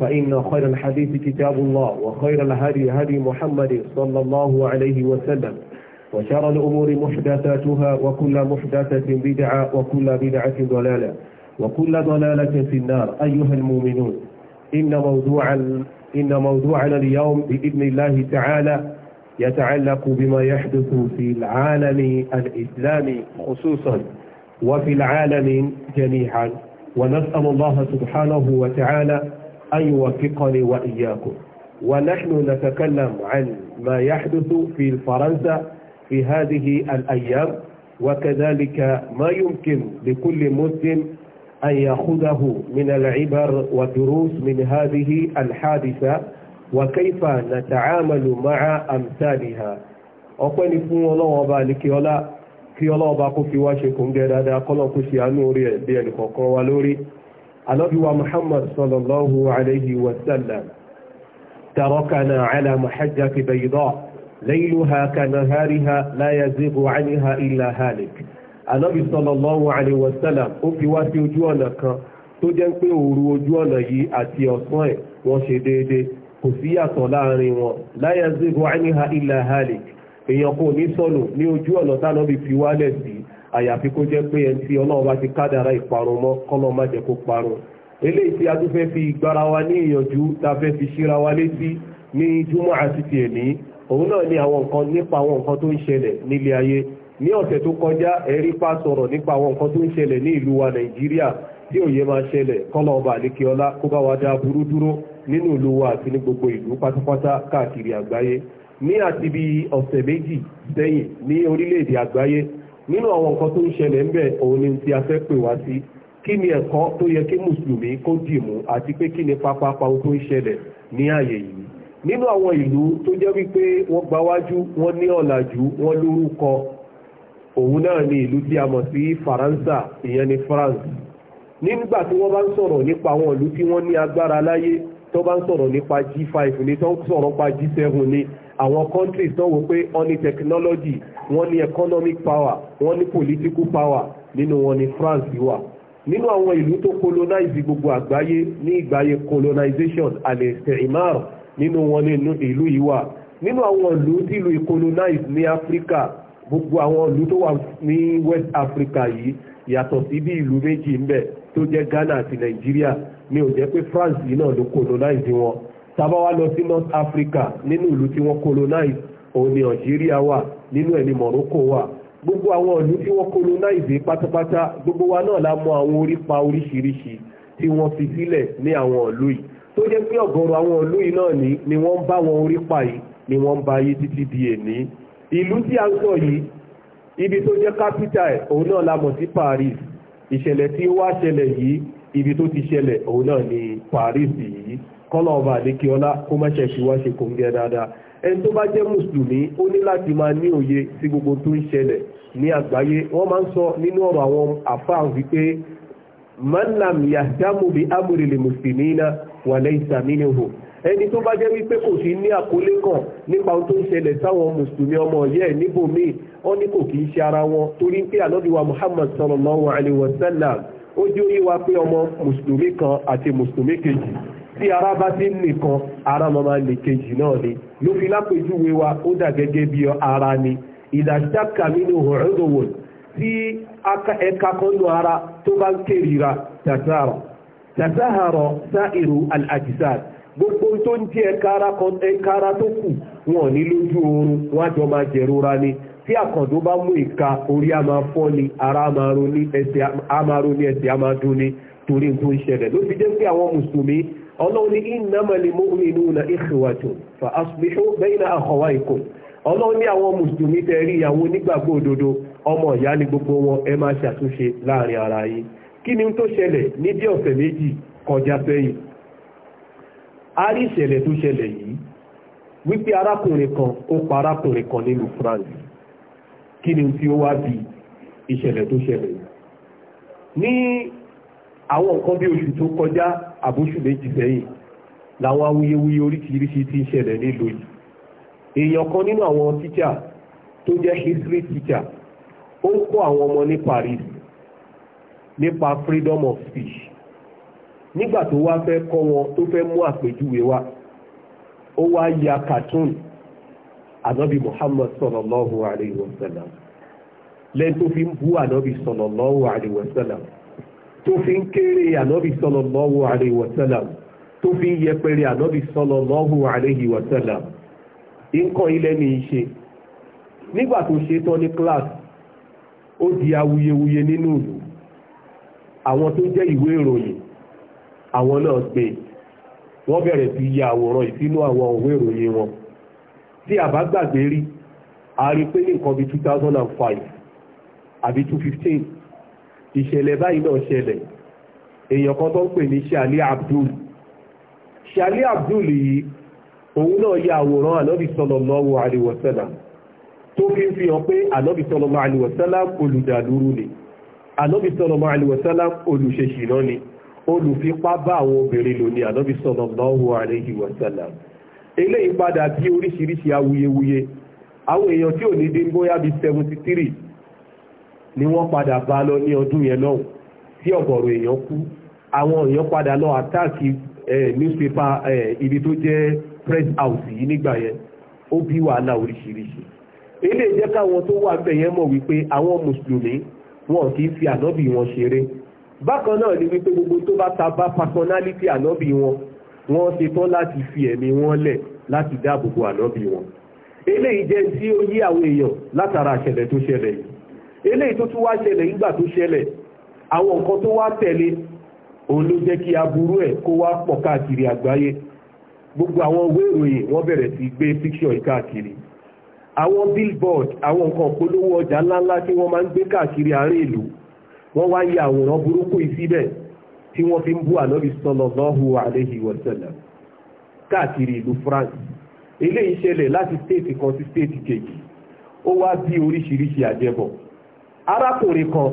فإن خير الحديث كتاب الله وخير الهدي هدي محمد صلى الله عليه وسلم وشر الأمور محدثاتها وكل محدثة بدعة وكل بدعة ضلالة وكل ضلالة في النار أيها المؤمنون إن موضوع إن موضوعنا اليوم بإذن الله تعالى يتعلق بما يحدث في العالم الإسلامي خصوصا وفي العالم جميعا ونسأل الله سبحانه وتعالى أن يوفقني وإياكم ونحن نتكلم عن ما يحدث في فرنسا في هذه الأيام وكذلك ما يمكن لكل مسلم أن يأخذه من العبر ودروس من هذه الحادثة وكيف نتعامل مع أمثالها أقول لكم الله وبالك يولا في الله ọlá في واشيكم ọba kó fi wá ṣe kò ń gẹ́ dáadáa kọ́lọ̀ kó ṣe àánú orí ẹ̀ bí ẹnìkọ̀ọ̀kan wa se ko alọ́bíwa muhammad sallallahu alayhi wa sallam tarakana ala mahajjati bayda layluha kanahariha la yazigu anha illa halik alọ́bí sallallahu alayhi wa sallam ó fi wá sí ojú ọ̀nà kan tó jẹ́ pé òru ojú ọ̀nà yìí àti ọ̀sán ẹ̀ wọ́n ṣe déédéé kò sí yàtọ̀ láàrin wọn la yazigu anha illa halik èèyàn kò ní sọnù ní ojú ọ̀nà tánàbí fi wálẹ̀ sí àyàfi kó jẹ́ pé ẹni tí ọlọ́run bá ti kádàrá ìparun mọ́ kọ́lọ́ má jẹ́ kó parun ilé tí a tún fẹ́ fi gbára wa ní ìyànjú tá fẹ́ fi ṣíra wa létí ní júmọ́ àti tiẹ̀ ní òun náà ni àwọn nǹkan nípa àwọn nǹkan tó ń ṣẹlẹ̀ nílé ayé ní ọ̀sẹ̀ tó kọjá ẹ̀rí pa sọ̀rọ̀ nípa àwọn nǹkan tó ń ọba àlékeọlá kó bá wa dá burú dúró nínú ìlú wa àti ní gbogbo ìlú pátápátá káàkiri àgbáyé ní àti nínú àwọn nǹkan tó ń ṣẹlẹ̀ ńbẹ̀ òun ni tí a fẹ́ pè wá sí kí ni ẹ̀kọ́ tó yẹ kí mùsùlùmí kó dìmú àti pé kí ni pápápá ohun tó ń ṣẹlẹ̀ ní àyè yìí nínú àwọn ìlú tó jẹ́ wípé wọ́n gbawájú wọ́n ní ọ̀làjú wọ́n lórúkọ òun náà ni ìlú tí a mọ̀ sí Faransa ìyẹn ni France nígbà tí wọ́n bá ń sọ̀rọ̀ nípa àwọn ìlú tí wọ́n ní agbára láyé tó bá ń sọ̀rọ̀ nípa G5 ni tó ń sọ̀rọ̀ nípa G7 ni àwọn countries náà wò pé wọ́n ní technology wọ́n ní economic power wọ́n ní political power nínú wọn ní France wà nínú àwọn ìlú tó colonize gbogbo àgbáyé ní ìgbáyé colonization àlè ìsẹ̀ìmáà nínú wọn nínú ìlú yìí wà nínú àwọn ìlú tí ìlú colonize ní Africa gbogbo àwọn ìlú tó wà ní West Africa yìí yàtọ̀ sí bí ìlú méjì ń bẹ tó jẹ́ Ghana àti Nàìjíríà ní ó jẹ́ pé France yìí náà ló colonize wọn tàbá wá lọ sí North Africa nínú ìlú tí wọ́n colonize òun ni Algeria wà nínú ẹ̀ Morocco wà gbogbo àwọn ìlú tí wọ́n colonize pátápátá gbogbo wa náà la mọ àwọn orípa oríṣiríṣi tí wọ́n fi sílẹ̀ ní àwọn ìlú yìí tó jẹ́ pé ọ̀gọ̀rọ̀ àwọn ìlú yìí náà ni ni wọ́n ń bá wọn orípa yìí ni wọ́n bá yí títí di èní ìlú tí a ń sọ yìí ibi tó jẹ́ kápítà òun náà la mọ̀ sí Paris ìṣẹ̀lẹ̀ tí ó wá ṣẹlẹ̀ yìí ibi tó ti ṣẹlẹ̀ òun náà ni Paris yìí kọ́lọ̀ ọba àdékí ọlá kó má ṣe fi wá ṣe kò ń gẹ dáadáa ẹni tó bá jẹ́ mùsùlùmí ó ní láti máa ní òye sí gbogbo tó ń ṣẹlẹ̀ ní àgbáyé wọ́n máa ń sọ nínú ọ̀rọ̀ àwọn àfáà wípé manlam yahdamu bi li muslimina wa laysa minhum ẹni tó bá jẹ́ wípé kò sí ní àkólé kan nípa ohun tó ń ṣẹlẹ̀ sáwọn mùsùlùmí ọmọ yẹ́ níbòmíì wọ́n ní kò kì í ṣe ara wọn torí pé ànọ́bíwa Muhammad sallallahu alaihi wasallam ó jẹ́ òye wa pé ọmọ mùsùlùmí kan àti mùsùlùmí kejì tí ara bá ti ń nìkan ara máa máa lè kejì náà ni ló fi lápèjúwe wa ó dà gẹ́gẹ́ bí ara ni ìdàṣàkà nínú ọ̀rọ̀dọ̀wọ̀ tí ẹ̀ka kan ara tó bá ń kérira tàtàrà tàtàrà sáìrù al-ajsad gbogbo tó ń jẹ́ ẹ̀ka ara tó kù wọn ní lójú oorun wọn àjọ máa jẹ̀rora ni tí àkàndó bá mú ìka orí a máa fọ́ ni ara a máa ro ní ẹsẹ̀ a máa dún ni torí tó ń ṣẹlẹ̀ ló fi jẹ́ pé àwọn mùsùlùmí ọlọ́run ní innamal mu'minuna ikhwatun fa aslihu bayna akhawaykum ọlọ́run ní àwọn mùsùlùmí tẹ̀rí àwọn onígbàgbọ́ òdodo ọmọ ìyá ni gbogbo wọn ẹ máa ṣàtúnṣe láàrin ara yín kí ni tó ṣẹlẹ̀ ní bí ọ̀sẹ̀ méjì kọjá sẹ́yìn a rí ìṣẹ̀lẹ̀ tó ṣẹlẹ̀ yìí wípé arákùnrin kan ó pa arákùnrin kan nínú France kí ni tí ó wá bí ìṣẹ̀lẹ̀ tó ṣẹlẹ̀ ní àwọn nǹkan bí oṣù tó kọjá àbóṣù méjì sẹ́yìn làwọn awuyewuye oríṣiríṣi ti ń ṣẹlẹ̀ nílùú yìí èèyàn kan nínú àwọn tíjà tó jẹ́ history teacher ó ń kọ́ àwọn ọmọ ní Paris nípa freedom of speech nígbà tó wá fẹ́ kọ́ wọn tó fẹ́ mú àpèjúwe wá ó wá ya cartoon ànábì Muhammad sallallahu alayhi wa sallam lẹ́yìn tó fi ń bú ànábì sallallahu alayhi wa sallam. tó fi ń kéré ànábì sallallahu alaihi wa sallam tó fi ń yẹpẹrẹ ànábì sallallahu ilẹ̀ ní ṣe nígbà tó ṣe tán ní kíláàsì ó di awuyewuye nínú ìlú àwọn tó jẹ́ ìwé ìròyìn àwọn náà gbé wọ́n ya àwòrán ìsínú àwọn ìròyìn wọn tí a rí a rí pé ní nǹkan ìṣẹ̀lẹ̀ báyìí náà ṣẹlẹ̀ èèyàn kan tó ń pè ní ṣàlí abdul ṣàlí abdul yìí òun náà ya àwòrán ànábì sallallahu alaihi wasallam tó fi ń fi hàn pé ànábì sallallahu alaihi wasallam olùdàlúrú ni ànábì sallallahu alaihi wasallam olùṣèṣìná ni olùfipá bá àwọn obìnrin lò ní ànábì sallallahu alaihi wasallam eléyìí padà bí oríṣiríṣi awuyewuye àwọn èèyàn tí ò ní dín bóyá bíi seventy three ni wọ́n padà bá lọ ní ọdún yẹn náà tí ọ̀gọ̀rọ̀ èèyàn kú àwọn èèyàn padà lọ àtàkì newspaper ibi tó jẹ́ press house yìí nígbà yẹn ó bí wàhálà oríṣiríṣi ilé jẹ́ káwọn tó wà bẹ̀ yẹn mọ̀ wípé àwọn mùsùlùmí wọn kì í fi ànábì wọn ṣeré bákan náà ni wípé gbogbo tó bá ta bá personality ànábì wọn wọn ṣe tán láti fi ẹ̀mí wọn lẹ̀ láti dáàbò bo ànábì wọn eléyìí jẹ́ tí ó yí àwọn èèyàn látara àṣẹlẹ̀ tó ṣẹlẹ̀ yìí eléyìí tó tún wá ṣẹlẹ̀ nígbà tó ṣẹlẹ̀ àwọn nǹkan tó wá tẹ̀lé òun ló jẹ́ kí aburú ẹ̀ kó wá pọ̀ káàkiri àgbáyé gbogbo àwọn ìwé ìròyìn wọ́n bẹ̀rẹ̀ sí gbé píkṣọ̀ yìí àwọn billboard àwọn nǹkan polówó ọjà ńláńlá tí wọ́n máa ń gbé káàkiri àárín ìlú wọ́n wá ya àwòrán burúkú yìí síbẹ̀ tí wọ́n fi ń bú ànábì sallallahu alayhi wa sallam káàkiri ìlú France eléyìí ṣẹlẹ̀ láti stéètì kan sí stéètì kejì ó wá bí oríṣiríṣi àjẹbọ̀ arákùnrin kan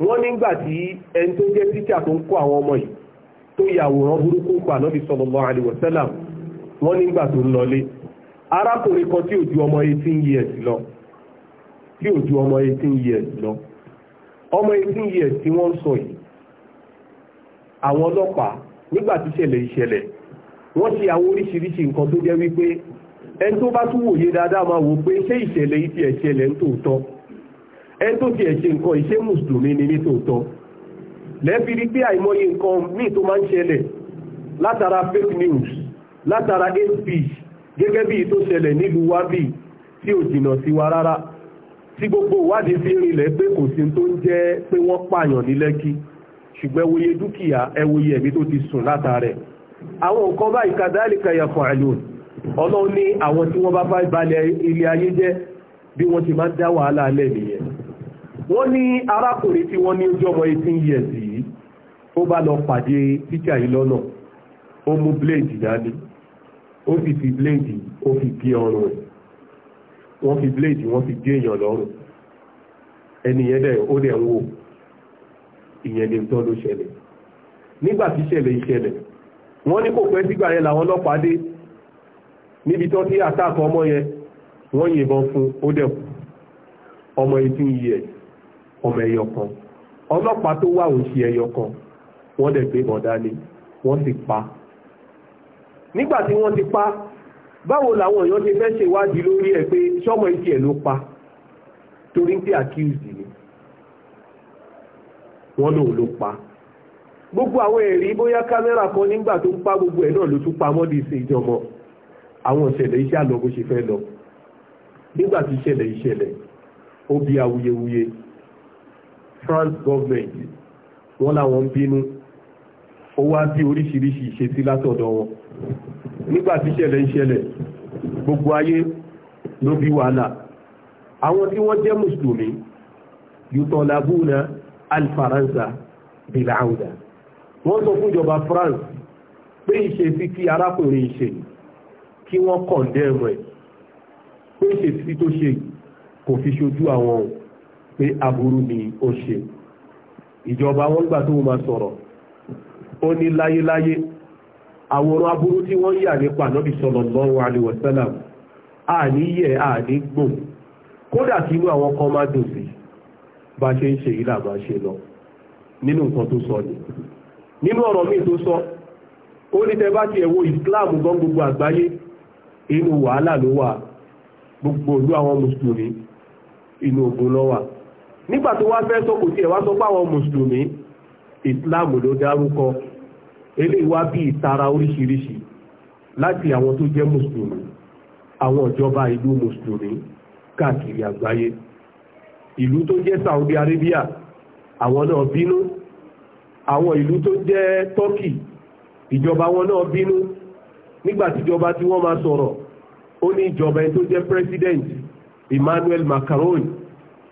wọ́n nígbà tí ẹni tó jẹ́ títà tó ń kó àwọn ọmọ yìí tó yàwòrán burúkú pa náà fi sallallahu alaihi wasallam wọ́n nígbà tó ń lọlé arákùnrin kan tí ò ju ọmọ 18 years lọ tí ọmọ 18 years lọ ọmọ 18 years tí wọ́n sọ yìí ẹni tó tiẹ̀ ṣe nǹkan ìṣe mùsùlùmí ni nítòótọ́ lẹ́ẹ̀fi rí pé àìmọye nǹkan míì tó máa ń ṣẹlẹ̀ látara fake news látara hate speech gẹ́gẹ́ bí tó ṣẹlẹ̀ nílùú wa bí tí ò jìnnà sí wa rárá tí gbogbo ìwádìí fi rinlẹ̀ pé kò sí tó ń jẹ́ pé wọ́n pààyàn ní lẹ́kí ṣùgbọ́n ẹwòye dúkìá ẹwòye ẹ̀mí tó ti sùn látàrẹ̀. àwọn nǹkan báyìí kadhalika yaf'alun ọlọ́run ní àwọn tí wọ́n bá bá balẹ̀ ilé ayé wọ́n ní arákùnrin tí wọ́n ní ojú ọmọ 18 years yìí ó bá lọ pàdé tíṣà yìí lọ́nà ó mú bléèdì dání ó sì fi bléèdì ó fi gé ọrùn ẹ̀ wọ́n fi bléèdì wọ́n fi gé èèyàn lọ́rùn ẹnìyẹn dẹ̀ ó dẹ̀ ń wò ìyẹn lè tọ́ ló ṣẹlẹ̀ nígbà tí ṣẹlẹ̀ ìṣẹlẹ̀ wọ́n ní kò pẹ́ sígbà yẹn làwọn ọlọ́pàá dé níbi tó ti àtàkọ ọmọ yẹn wọ́n yìnbọn fún ó dẹ̀ kú ọmọ 18 years ọmọ ẹyọ kan ọlọ́pàá tó wà òṣì ẹyọ kan wọ́n dẹ̀ gbé bọ̀dá lé wọ́n sì pa nígbà tí wọ́n ti pa báwo làwọn èèyàn ti fẹ́ ṣe wádìí lórí ẹ̀ pé sọ́mọ ìtì ẹ̀ ló pa torí pé accused ni wọ́n lòun ló pa gbogbo àwọn ẹ̀rí bóyá kámẹ́rà kan nígbà tó ń pa gbogbo ẹ̀ náà ló tún pa mọ́dí sí ìjọmọ àwọn ìṣẹ̀lẹ̀ iṣẹ́ àlọ́ bó ṣe fẹ́ lọ nígbà tí ìṣẹ̀lẹ̀ ìṣẹ̀lẹ̀ ó bí awuyewuye France government wọ́n làwọn ń bínú ó wá bí oríṣiríṣi ìṣesí látọ̀dọ̀ wọn nígbà tí ìṣẹ̀lẹ̀ ń ṣẹlẹ̀ gbogbo ayé ló bí wàhálà àwọn tí wọ́n jẹ́ mùsùlùmí yutolabuna alfaransa bilauda wọ́n sọ fún ìjọba France pé ìṣesí kí arákùnrin ìṣe kí wọ́n kọ̀ndẹ́ẹ̀mù ẹ̀ pé ìṣesí tó ṣe kò fi ṣojú àwọn ohun pé aburú ni ó ṣe ìjọba wọn gbà tó wọn máa sọ̀rọ̀ ó ní láyéláyé àwòrán aburú tí wọ́n yà nípa náà sallallahu alaihi wasallam àníyẹ àní gbò kódà kí inú àwọn kan máa dùn sí bá ṣe ń ṣe yìí là máa ṣe lọ nínú nǹkan tó sọ ni nínú ọ̀rọ̀ míì tó sọ ó ní tẹ bá ti ẹ̀wọ̀ Islam gan gbogbo àgbáyé inú wàhálà ló wà gbogbo ìlú àwọn mùsùlùmí inú ogun ló nígbà tó wá fẹ́ sọ kò tiẹ̀ wá sọ pé àwọn mùsùlùmí islam ló dárúkọ eléyìí wá bí ìtara oríṣiríṣi láti àwọn tó jẹ́ mùsùlùmí àwọn ìjọba ìlú mùsùlùmí káàkiri àgbáyé ìlú tó jẹ́ Saudi Arabia àwọn náà bínú àwọn ìlú tó jẹ́ Turkey ìjọba wọn náà bínú nígbàtí ìjọba tí wọ́n máa sọ̀rọ̀ ó ní ìjọba ẹni tó jẹ́ president Emmanuel Macron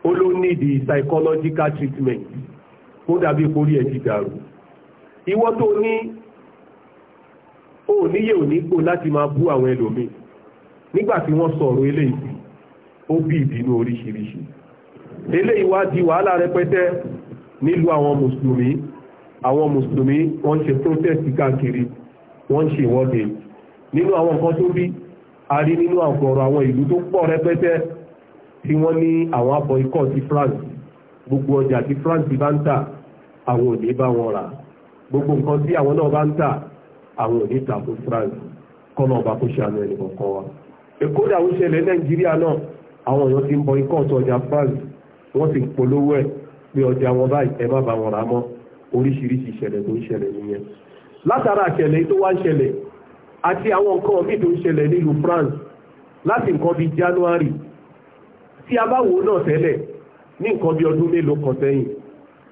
ó ló nídi psychological treatment kó dàbí orí ẹ̀ ti dàrú ìwọ tó ní ó níyè ò ní gbò láti máa bú àwọn ẹlòmíì nígbà tí wọ́n sọ̀rọ̀ eléyìí ó bí ìbínú oríṣiríṣi eléyìí wá di wàhálà rẹpẹtẹ nílùú àwọn mùsùlùmí àwọn mùsùlùmí wọ́n ṣe protest káàkiri wọ́n ṣe ìwọ́de nínú àwọn nǹkan tó bí a rí nínú àkọ̀rọ̀ àwọn ìlú tó pọ̀ rẹpẹtẹ tí wọ́n ní àwọn abọ̀ ikọ̀ ti France gbogbo ọjà tí France bá ń tà àwọn ò ní bá wọn rà gbogbo nǹkan tí àwọn náà bá ń tà àwọn ò ní tà fún France kọ́nà ọba kó ṣàánú ẹnì kọ̀ọ̀kan wa. èkó ìdààmú ṣẹlẹ̀ Nàìjíríà náà àwọn èèyàn ti ń bọ ikọ̀ tó ọjà France wọ́n ti ń polówó ẹ̀ pé ọjà wọn báyìí ẹ má bá wọn rà mọ́ oríṣiríṣi ìṣẹ̀lẹ̀ tó ń ṣẹlẹ̀ nìyẹn. látara ìṣẹ̀lẹ̀ tó wá ń ṣẹlẹ̀ àti àwọn nǹkan míì tó ń ṣẹlẹ̀ nílùú France láti nǹkan bíi January tí a bá wò náà tẹ́lẹ̀ ní nǹkan bí ọdún mélòó kan sẹ́yìn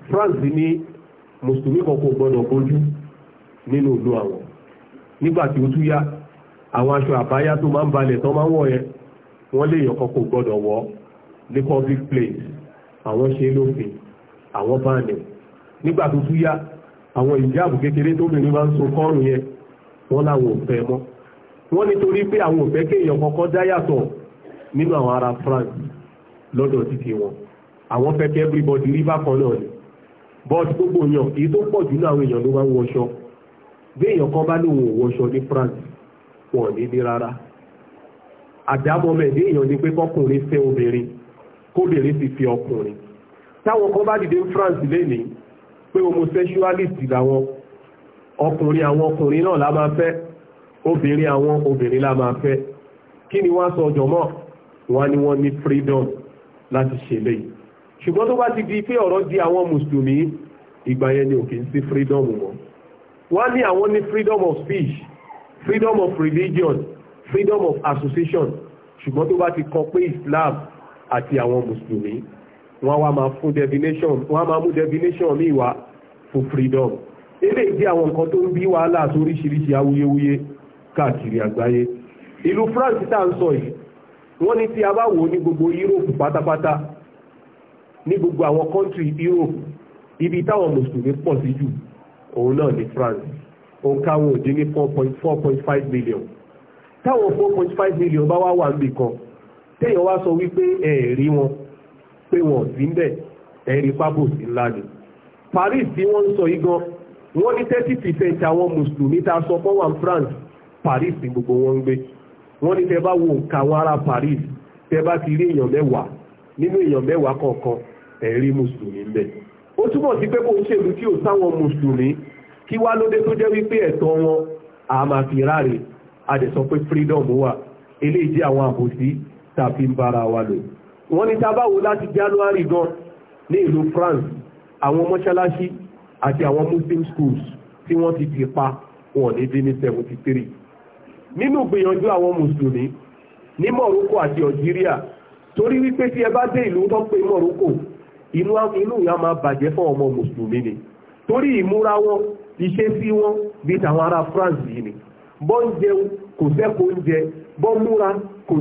France ní mùsùlùmí kan kò gbọdọ̀ bójú nínú ìlú àwọn nígbà tí ó tún yá àwọn aṣọ àbáyá tó máa ń balẹ̀ tán máa ń wọ̀ yẹn wọ́n lè yọ̀kan kò gbọdọ̀ wọ̀ ní public place àwọn ṣe lófin àwọn báàlẹ̀ nígbà tó tún yá àwọn ìjáàbù kékeré tó bìnrin máa ń so kọ́rùn yẹn wọ́n láwọn ò fẹ́ mọ́ wọ́n nítorí pé àwọn ò fẹ́ kéèyàn kankan dá yàtọ̀ nínú àwọn ará France lọ́dọ̀ títí wọn àwọn fẹ́ kí everybody rí bákan náà ni but gbogbo èèyàn èyí tó pọ̀ jù náà àwọn èèyàn ló máa ń wọṣọ bí èèyàn kan bá lóun ò wọṣọ ní France wọn ò ní ní rárá àdámọ́ mẹ́ẹ̀dé èèyàn ni pé kọkùnrin fẹ́ obìnrin kóbìnrin sì fi ọkùnrin táwọn kan bá dìde France lénìí pé homosexualist làwọn ọkùnrin àwọn ọkùnrin náà la máa fẹ́ obìnrin àwọn obìnrin la máa fẹ́ kí ni wọ́n sọ jọmọ́ wọn ni wọ́n ní freedom láti ṣe lẹ́yìn ṣùgbọ́n tó bá ti di pé ọ̀rọ̀ di àwọn mùsùlùmí ìgbà ni ò sí freedom wọn wọ́n ní àwọn ní freedom of speech freedom of religion freedom of association ṣùgbọ́n tó bá ti kọ pé Islam àti àwọn mùsùlùmí wọ́n wá máa fún definition wọ́n máa mú definition míì wá fún freedom eléyìí jẹ́ àwọn nǹkan tó ń bí wàhálà àti oríṣiríṣi awuyewuye káàkiri àgbáyé ìlú France tá à ń sọ yìí wọ́n ní tí a bá wò ní gbogbo Europe pátápátá ní gbogbo àwọn country Europe ibi táwọn mùsùlùmí pọ̀ sí jù òun náà ní France òǹkà wọn ò ní four point four point five million táwọn four point five million bá wá wà níbi kan téèyàn wá sọ wípé ẹ̀ẹ̀rí wọn pé wọn sí ń bẹ̀ ẹ̀rí pábòsí ńlá ni Paris tí wọ́n ń sọ yìí gan wọ́n ní thirty percent àwọn mùsùlùmí tá a sọ fọ́wọ́n France Paris ni gbogbo wọn ń gbé wọ́n ní tẹ́ wo nǹka ará Paris tẹ́ bá ti rí èèyàn mẹ́wàá nínú èèyàn mẹ́wàá kọ̀ọ̀kan ẹ̀ rí mùsùlùmí ń bẹ̀ ó túbọ̀ sí pé kò ń ṣèlú tí ò sáwọn mùsùlùmí kí wá lóde tó jẹ́ wípé ẹ̀tọ́ wọn a máa fi ráre a dẹ̀ sọ pé freedom wà eléyìí jẹ́ àwọn àbòsí tá a fi ń bára wa lò wọ́n ní tá a bá wo láti January gan ní ìlú France àwọn mọ́ṣáláṣí àti àwọn muslim schools tí wọ́n ti ti pa wọn ní dín ní seventy three nínú gbìyànjú àwọn mùsùlùmí ní Morocco àti Algeria torí wípé tí ẹ bá dé ìlú tó pé Morocco inú inú ìyá máa bàjẹ́ fún ọmọ mùsùlùmí ni torí ìmúra wọn ìṣesí wọn bí tàwọn ará France yìí ni bọ́ ń jẹun kò sẹ́kọ̀ọ́ oúnjẹ bọ́ múra kò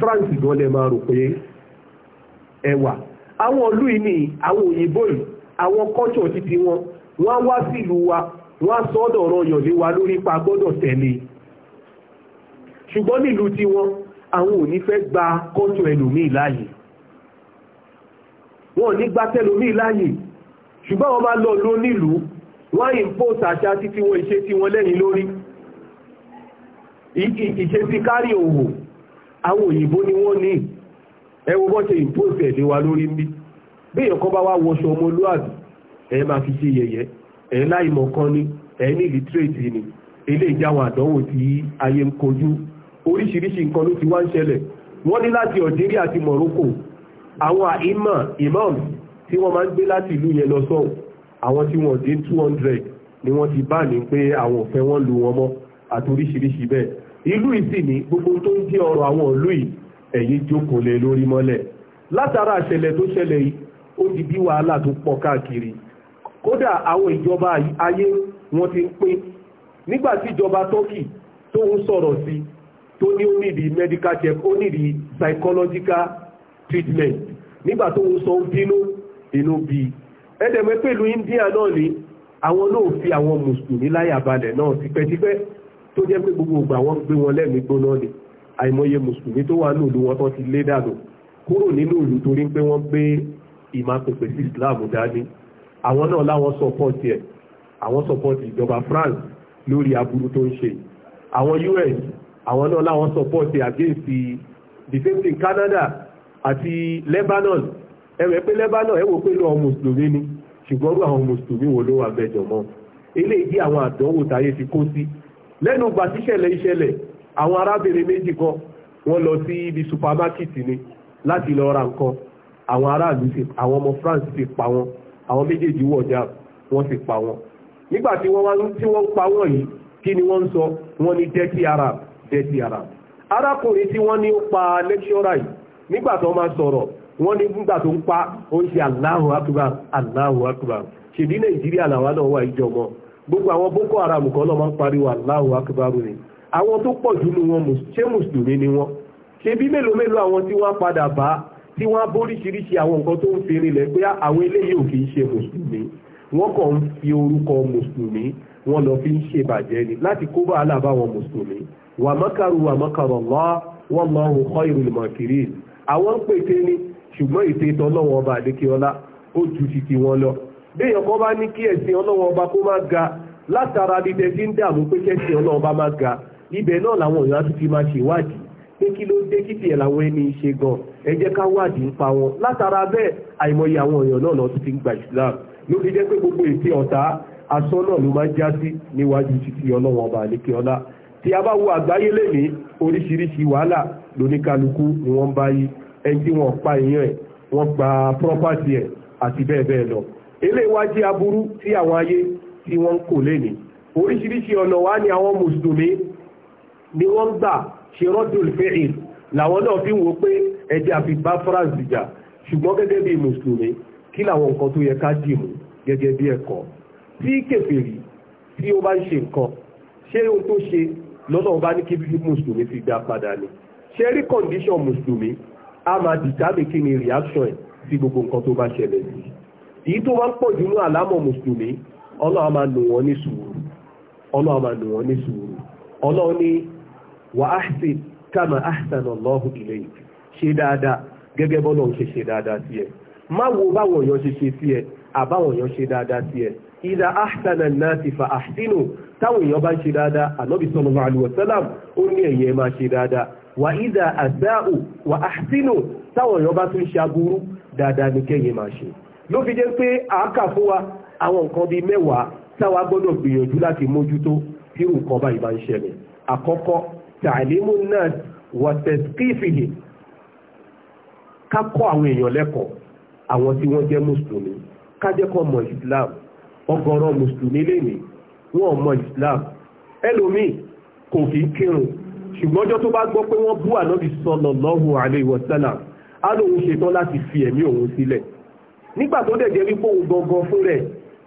France gan lè máa rò pé ni àwọn òyìnbó yìí àwọn kọ́tọ̀ títí wọn wọ́n wá sí ìlú wa wọ́n sọ́dọ̀ ọ̀rọ̀ yàn lé wa lórí pa gbọ́dọ̀ tẹ̀lé ṣùgbọ́n nílùú tí wọ́n àwọn ò ní fẹ́ gba kọ́tù ẹlòmíì láàyè wọ́n ní gba tẹlòmíì láàyè ṣùgbọ́n wọ́n máa lọ ló nílùú wọ́n impose àṣà títí wọ́n ìṣe tí wọ́n lẹ́yìn lórí ìṣe ti kárí òwò àwọn òyìnbó ni wọ́n ní ẹwọ bọ́ ṣe impose ẹ̀lẹ́wà lórí bí bí bá wá wọṣọ ọmọlúwàbí ẹ máa fi ṣe yẹ̀yẹ́ ẹ̀ láìmọ̀ kan ni ẹ̀ ní ni ilé ìjáwọn àdánwò tí ayé ń kojú oríṣiríṣi nǹkan ló ti wá ń ṣẹlẹ̀ wọ́n ní láti Algeria àti Morocco àwọn àìmọ̀ imam tí wọ́n máa ń gbé láti ìlú yẹn lọ sọ́ọ̀ àwọn tí wọ́n dín 200 ni wọ́n ti bá ní pé àwọn òfẹ́ wọ́n lu wọn mọ́ àti oríṣiríṣi bẹ́ẹ̀ ìlú ìsìn ní gbogbo tó ń jẹ́ ọ̀rọ̀ àwọn ìlú yìí ẹ̀yin jókòó lé lórí mọ́lẹ̀ látara àṣẹlẹ̀ tó ṣẹlẹ̀ yìí ó di bí wàhálà tó pọ̀ káàkiri kódà àwọn ìjọba ayé wọn ti ń pé nígbàtí ìjọba turkey tó ń sọ̀rọ̀ sí tó ní ó nídi medical check ó nídi psychological treatment nígbà tó ń sọ ń bínú inú bí ẹ̀dẹ̀mẹ́ pẹ̀lú india náà ni àwọn náà fi àwọn mùsùlùmí láyà balẹ̀ náà tipẹ́tipẹ́ tó jẹ́ pé gbogbo ìgbà wọn gbé wọn lẹ́mìí gbóná ni àìmọye mùsùlùmí tó wà nílùú wọn tó ti lé dànù kúrò nínú ìlú torí pé wọ́n gbé ìmọ̀ pèpè sí islam dání àwọn náà láwọn sọpọ́ọ̀tì ẹ̀ àwọn sọpọ́ọ̀tì ìjọba France lórí aburú tó ń ṣe àwọn US àwọn náà láwọn sọpọ́ọ̀tì against the same thing Canada àti Lebanon ẹ̀wẹ̀ pé Lebanon ẹ̀ wò pé lọ́wọ́ mùsùlùmí ni ṣùgbọ́n rú àwọn mùsùlùmí wo ló wà bẹ́jọ mọ́ eléyìí jẹ́ àwọn àdánwò táyé ti kó sí lẹ́nu gbà tíṣẹ̀lẹ̀ ìṣẹ̀lẹ̀ àwọn arábìnrin méjì kan wọ́n lọ sí ibi supermarket ni láti lọ ra nǹkan àwọn aráàlú àwọn ọmọ France ti pa wọn àwọn méjèèjì wọ̀ já wọ́n sì pa wọn nígbà tí wọ́n wá tí wọ́n pa wọ́n yìí kí ni wọ́n ń sọ wọ́n ní dirty arab dirty arab arákùnrin tí wọ́n ní ó pa lecturer yìí nígbà tó máa sọ̀rọ̀ wọ́n ní nígbà tó ń pa ó ń ṣe Allahu akbar Allahu akbar ṣèbí nàìjíríà làwọn náà wà ìjọmọ gbogbo àwọn boko haram kan náà máa ń pariwo Allahu akbar ni àwọn tó pọ̀ jù lù wọn ṣé mùsùlùmí ni wọ́n ṣèbí mélòó mélòó àwọn tí wọ́n padà bá tí wọ́n bóríṣiríṣi àwọn nǹkan tó ń fèrè lẹ̀ pé àwọn eléyìí ò kì í ṣe mùsùlùmí wọ́n kàn ń fi orúkọ mùsùlùmí wọ́n lọ fi ń ṣèbàjẹ́ ni láti kó bá alábàwọn mùsùlùmí wà mọ́kàrú wà mọ́kàrọ̀ lọ́ wọ́n mọ ohun kọ́ ìrù mọ̀kìrì àwọn ń pète ni ṣùgbọ́n ète ìtọ́ lọ́wọ́ ọba àdékíọlá ó ju ti ti wọn lọ béèyàn kan bá ní kí ẹ̀sìn ọlọ́wọ́ ọba kó má ga látara dídẹ tí ń dààmú pé kẹ́sìn ọlọ́wọ́ ọba má ga ibẹ̀ náà làwọn èèyàn á tún fi máa ṣèwádìí pé kí ló dé kí tiẹ̀ làwọn ẹni ṣe gan-an ẹ jẹ́ ká wádìí ń pa wọn látara bẹ́ẹ̀ àìmọye àwọn èèyàn náà lọ́ọ́ ti ń gba Islam ló fi jẹ́ pé gbogbo ètí ọ̀tá asán náà ló máa já sí níwájú títí ọlọ́wọ́n ọba àlékè ọlá tí a bá wo àgbáyé lénìí oríṣiríṣi wàhálà lóníkálukú ni wọ́n bá yí ẹni tí wọ́n pa èèyàn ẹ̀ wọ́n gba property ẹ̀ àti bẹ́ẹ̀ bẹ́ẹ̀ lọ eléyìí wá jẹ́ aburú tí àwọn ayé tí wọ́n ń kò lénìí oríṣiríṣi ọ̀nà wá ni àwọn mùsùlùmí ni wọ́n gbà ṣe rọ́dùn fẹ́ẹ̀lì làwọn náà fi ń wo pé ẹjẹ́ àfi bá France jà ṣùgbọ́n gẹ́gẹ́ bí mùsùlùmí kí làwọn nǹkan tó yẹ ká dì mú gẹ́gẹ́ bí ẹ̀kọ́ tí kèfèrí tí ó bá ń ṣe nǹkan ṣé ohun tó ṣe lọ́nà ọba ní kí bí mùsùlùmí fi gbà padà ni ṣé rí condition mùsùlùmí a máa dìtàmì kí ni reaction ẹ̀ sí gbogbo nǹkan tó bá ṣẹlẹ̀ sí èyí tó máa ń pọ̀ jù ní àlámọ̀ mùsùlùmí ọlọ́run máa lò wọ́n ní sùúrù ọlọ́run ní wàásì kama ahsana Allahu ilayk ṣe dáadáa gẹ́gẹ́ bọ́lá òun ṣe ṣe dáadáa sí ẹ má wo báwọn èèyàn ṣe ṣe sí ẹ àbáwọn èèyàn ṣe dáadáa sí ẹ ìdá ahsana an-nasi fa ahsinu táwọn èèyàn bá ń ṣe dáadáa ànábì sallallahu alaihi wasallam ó ní ẹ̀yẹ máa ṣe dáadáa wà ìdá àdáù wà ahsinu táwọn èèyàn bá tún ṣe aburú dáadáa ní kẹ́yìn máa ṣe ló fi jẹ́ pé àákà fún wa àwọn nǹkan bíi mẹ́wàá táwa gbọ́dọ̀ gbìyànjú láti mójútó tí nǹkan báyìí bá ń ṣẹlẹ̀ àkọ́kọ́ tàlímù náà wọ̀tẹ̀síkìfìhì ká kọ́ àwọn èèyàn lẹ́kọ̀ọ́ àwọn tí wọ́n jẹ́ mùsùlùmí ká mọ̀ islam ọ̀gọ̀rọ̀ mùsùlùmí lèmi wọ́n mọ̀ islam ẹlòmíì kò kì í kírun ṣùgbọ́n ọjọ́ tó bá gbọ́ pé wọ́n bú ànábì sallallahu alaihi wasallam á lóun ṣetán láti fi ẹ̀mí òun sílẹ̀ nígbà tó dẹ̀ jẹ́ wípé òun gangan fún rẹ̀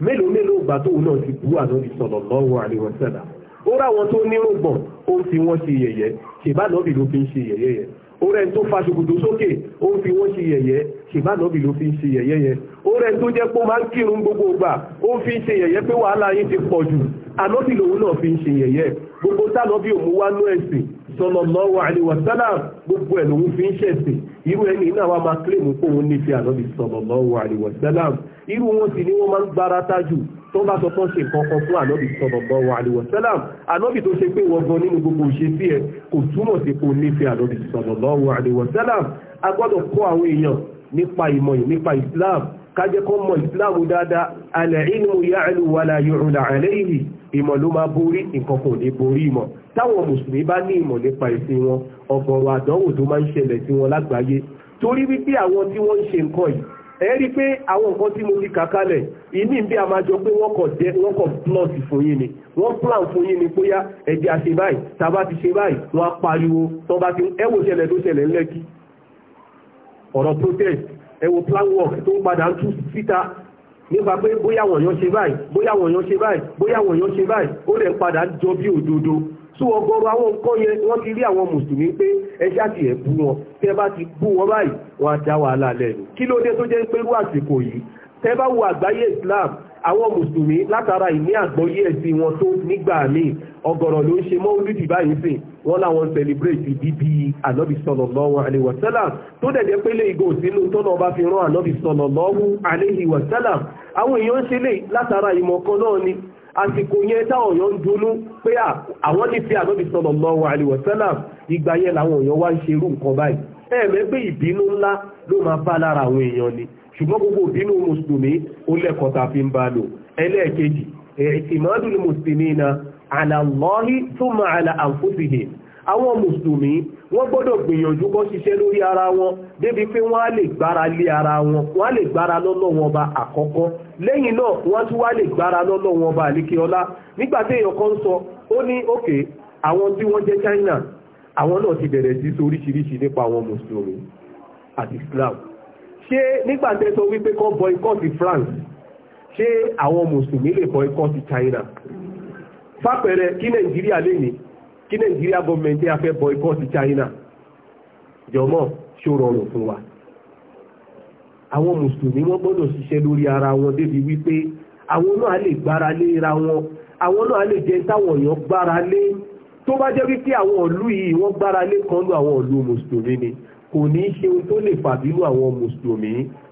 mélòó mélòó ìgbà tóun náà ti bú ànábì sallallahu alaihi wasallam ó ráwọn tó nírùngbọ̀n ó ń fi wọ́n ṣe yẹ̀yẹ́ ṣèbá nọ́bì ló fi ń ṣe yẹ̀yẹ́ yẹn ó rẹ̀ tó fa ṣòkòtò sókè ó ń fi wọ́n ṣe yẹ̀yẹ́ ṣèbá nọ́bì ló fi ń ṣe yẹ̀yẹ́ yẹn ó rẹ̀ tó jẹ́ pé ó máa ń kírun gbogbo ìgbà ó fi ń ṣe yẹ̀yẹ́ pé wàhálà yín ti pọ̀ jù ànọ́bì lòun náà fi ń ṣe yẹ̀yẹ́ gbogbo tánọ́bì òun wá nú sallallahu alaihi wasallam gbogbo ẹ̀ lòun fi ń ṣẹ̀sìn irú ẹni náà wá máa kílèmù pé òun nífẹ̀ẹ́ ànábì sallallahu alaihi wasallam irú wọn sì ni wọ́n máa ń gbára tájù tó bá sọ tó ṣe nǹkan kan fún ànábì sallallahu alaihi wasallam ànábì tó ṣe pé wọ́n gan nínú gbogbo òṣèṣì ẹ̀ kò túmọ̀ sí pé òun nífẹ̀ẹ́ ànábì sallallahu alaihi wasallam a gbọ́dọ̀ kọ́ àwọn èèyàn nípa ìmọ̀ yìí nípa Islam kájẹ́ kọ́ mọ̀ Islam dáadáa al-ilmu ya'lu wa la yu'la alayhi ìmọ̀ ló máa borí nǹkan kò ní borí ìmọ̀ táwọn mùsùlùmí bá ní ìmọ̀ nípa ìsìn wọn ọ̀gọ̀rọ̀ àdánwò tó máa ń ṣẹlẹ̀ sí wọn lágbàáyé torí wípé àwọn tí wọ́n ń ṣe nǹkan yìí ẹ rí pé àwọn nǹkan tí mo ti kà ìní bí a máa jọ pé wọ́n kọ̀ jẹ́ wọ́n kọ̀ plot fún yín ni wọ́n plan fún yín ni bóyá ẹ̀jẹ̀ àṣe báyìí tàbá ti ṣe báyìí wọ́n á pariwo tọ́ba ti ẹ wò ṣẹlẹ̀ tó ṣẹlẹ̀ ńlẹ́kì ọ̀rọ̀ protest ẹ wò plan work tó ń padà ń tú síta nípa pé bóyá wọ̀n yán ṣe báyìí bóyá wọ̀n yán ṣe báyìí bóyá wọ̀n yán ṣe báyìí ó rẹ̀ padà jọ bí òdodo tó ọgọ́rọ̀ àwọn nǹkan yẹn wọ́n ti rí àwọn mùsùlùmí pé ẹṣẹ́ àti ẹ̀ wọn tẹ́ bá ti bú wọn báyìí wọ́n á dá wàhálà lẹ́nu kí ló dé tó jẹ́ pé rú àsìkò yìí tẹ́ bá wo àgbáyé Islam àwọn mùsùlùmí látara ìní àgbọ́yé ẹ̀sìn wọn tó nígbà míì ọ̀gọ̀rọ̀ ló ń ṣe mọ́ olùdí báyìí sìn wọ́n láwọn celebrate bíbí ànábì sallallahu alaihi wasallam tó dẹ̀dẹ̀ pé lè igò sínú tọ́nà ọba fi rán ànábì sallallahu alaihi wasallam àwọn èèyàn ń ṣe lè látara ìmọ̀kan náà ni àsìkò yẹn táwọn èèyàn ń dunú pé àwọn nífẹ̀ẹ́ ànábì sallallahu alaihi wasallam ìgbà yẹn làwọn èèyàn wá ń ṣerú nǹkan báyìí ẹ̀mẹ́ pé ìbínú ńlá ló ma bá lára àwọn èèyàn ni ṣùgbọ́n gbogbo ìbínú mùsùlùmí ó lẹ́kọ̀ọ́ta fi ń bá lò ẹlẹ́ẹ̀kejì ìtìmọ́dún mùsùlùmí na àlàlọ́hí tó ma àlà àǹfóṣìhìn àwọn mùsùlùmí wọ́n gbọ́dọ̀ gbìyànjú bọ́ ṣiṣẹ́ lórí ara wọn débi pé wọ́n le lè gbára ara wọn wọ́n le lè gbára lọ́lọ́ wọn ba àkọ́kọ́ lẹ́yìn náà wọ́n tún wá lè gbára lọ́lọ́ wọn nígbà tí èèyàn China àwọn náà ti bẹ̀rẹ̀ sí sọ oríṣiríṣi nípa àwọn mùsùlùmí àti Islam ṣé nígbà tẹ́ sọ wípé kọ́ boycott France ṣé àwọn mùsùlùmí lè boycott China fàpẹẹrẹ kí Nàìjíríà lè ní kí Nàìjíríà gọọmenti afẹ́ boycott China jọmọ́ ṣó rọrùn fún wa àwọn mùsùlùmí wọ́n gbọ́dọ̀ ṣiṣẹ́ lórí ara wọn débi wípé àwọn náà lè gbára lé ra wọn àwọn náà lè jẹ táwọn èèyàn gbára lé tó bá jẹ́ wípé àwọn ọ̀lú yìí wọ́n gbára lé kan lú àwọn ọ̀lú mùsùlùmí ni kò ní í ṣe ohun tó lè fàbínú àwọn mùsùlùmí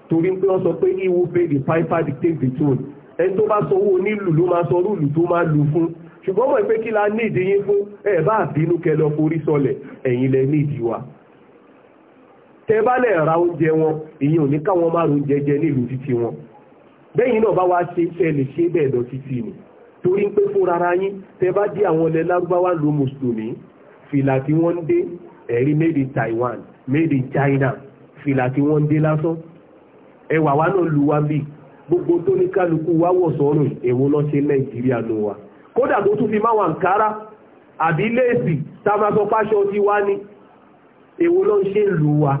torí pé wọ́n sọ pé he who pay the piper dictate the tone ẹni tó bá sanwó onílù ló máa sanwó ìlù tó máa lù fún ṣùgbọ́n mọ̀ pé kí la ní ìdí yín fún ẹ bá bínú kẹ forí sọlẹ̀ ẹ̀yin lẹ ní ìdí wa tẹ bá lẹ̀ ra oúnjẹ wọn ìyẹn ò ní káwọn máa ro oúnjẹ jẹ nílùú títí wọn bẹ́yìn náà bá wá ṣe ṣe ṣe bẹ́ẹ̀ lọ títí ni torí pé fúnra ara yín tẹ bá dé àwọn ilẹ̀ lárúbáwá ló mùsùlùmí fìlà tí wọ́n ń dé ẹ̀rí made in Taiwan made in China fìlà tí wọ́n ń dé lásán ẹwà wa náà lu wa bíi gbogbo tó ní kálukú wa wọ̀ sọ́rùn èwo lọ́ ṣe Nàìjíríà ló wa kódà tó tún fi máwọn àǹkárá àbí léèsì tábàtọ̀ fáṣọ ti wá ní èwo lọ́ ṣe lù wa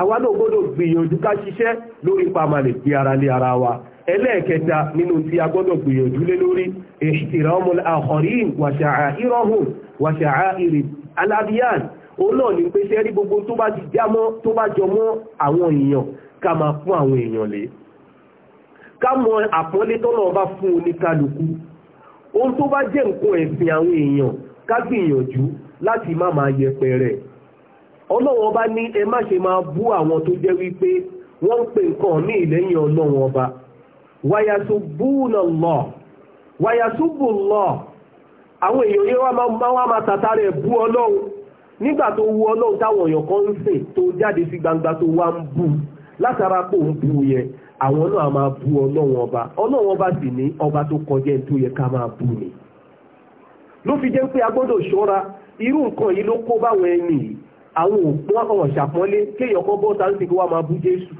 àwa náà gbọ́dọ̀ gbìyànjú ká ṣiṣẹ́ lórí pa gbé ara lé ara wa ẹlẹ́ẹ̀kẹta nínú tí a gbọ́dọ̀ gbìyànjú lé lórí ihtiramul akharin wa sha'airahum wa sha'air al-adyan òun náà ní pé sẹ́rí gbogbo tó bá ti jámọ́ tó bá jọmọ́ àwọn èèyàn ká máa fún àwọn èèyàn lé ká mọ àpọ́nlé tọ́nà bá fún oníkálukú ohun tó bá jẹ́ nǹkan ẹ̀sìn àwọn èèyàn ká gbìyànjú láti má máa yẹpẹrẹ ọlọ́wọ́n ọba ní ẹ má ṣe máa bú àwọn tó jẹ́ wípé wọ́n ń pe nǹkan míì lẹ́yìn ọlọ́wọ́n ọba wàyàsùbùnàlọ́ wàyàsùbùnlọ́ àwọn èèyàn yẹn wá máa wá máa tàtàrà ẹ̀ bú ọlọ́run nígbà tó wú ọlọ́run táwọn èèyàn kan ń sìn tó jáde sí gbangba tó wá ń bú látara pò ń bú yẹn àwọn náà máa bú ọlọ́run ọba ọlọ́run ọba sì ní ọba tó kọjá ẹni tó yẹ ká máa bú ni ló fi jẹ́ pé ṣọ́ra irú nǹkan yìí ló kó báwọn ẹni yìí àwọn òpó ọ̀ṣàpọ́nlé kéèyàn kan bọ́ta ń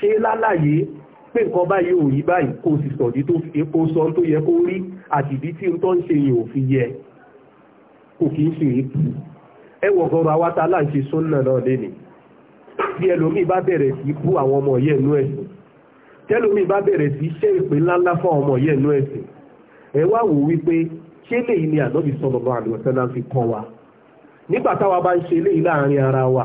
ṣe lálàyé pé nǹkan báyìí ò rí báyìí kò sì sọ̀dí tó fi epo sọ tó yẹ kó rí àtìdí tí tó ń ṣe yìí ò fi yẹ kò kì í ṣe èébù ẹwọ̀ gọba wa ta láà ń ṣe sọ́nà náà lẹ́nìí bí ẹlòmíì bá bẹ̀rẹ̀ sí bú àwọn ọmọ yẹ̀ nú ẹ̀sìn tẹ́lòmíì bá bẹ̀rẹ̀ sí ṣe ìpè ńláńlá fún ọmọ yẹ̀ nú ẹ̀sìn ẹ wá wò wípé ṣé léyìí ni ànábì sallallahu alaihi wasallam fi kọ́ wa nígbà táwa bá ń ṣe léyìí láàárín ara wa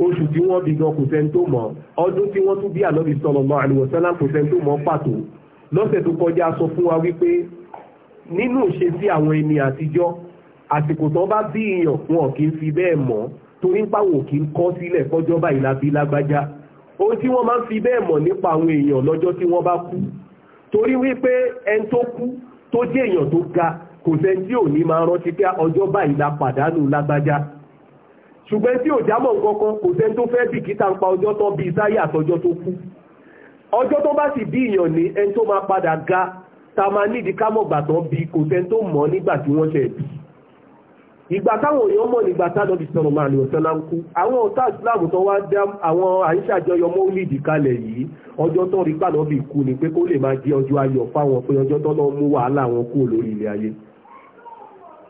oṣù tí wọ́n bí gan kò sẹ́ni tó mọ̀ ọdún tí wọ́n tún bí ànábì sallallahu alaihi wasallam kò sẹ́ni tó mọ̀ pàtó lọ́sẹ̀ tó kọjá sọ fún wa wípé nínú ìṣe sí àwọn ẹni àtijọ́ àsìkò tán bá bí èèyàn wọn kì í fi bẹ́ẹ̀ mọ̀ torí ń pàwò kì í kọ́ sílẹ̀ kọjọ́ báyìí lábí lágbájá ohun tí wọ́n máa ń fi bẹ́ẹ̀ mọ̀ nípa àwọn èèyàn lọ́jọ́ tí wọ́n bá kú torí wípé ẹni tó kú tó jẹ́ èèyàn tó ga kò sẹ́ni tí ò máa rántí pé ọjọ́ báyìí la pàdánù lágbájá ṣùgbọ́n tí ò jámọ̀ nǹkankan kò sẹ́ni tó fẹ́ bìkítà ń pa ọjọ́ tán bíi táyé àtọjọ́ tó kú ọjọ́ tó bá sì bí ìyàn ní ẹni tó máa padà ga ta máa nídi kámọ̀gbà tán bí kò sẹ́ni tó mọ̀ nígbà tí wọ́n ṣe bí ìgbà táwọn èèyàn mọ̀ nígbà tá lọ́dí sọ̀rọ̀ máa lè ọ̀sán láńkú àwọn ọ̀tá Islam tó wá dá àwọn àyíṣàjọyọ̀ mọ́lìdì kalẹ̀ yìí ọjọ́ tó rí pàlọ́bì kú ni pé kó lè máa jẹ́ ọjọ́ ayọ̀ fáwọn pé ọjọ́ tó lọ́ mú wàhálà wọn kú lórí ilẹ̀ ayé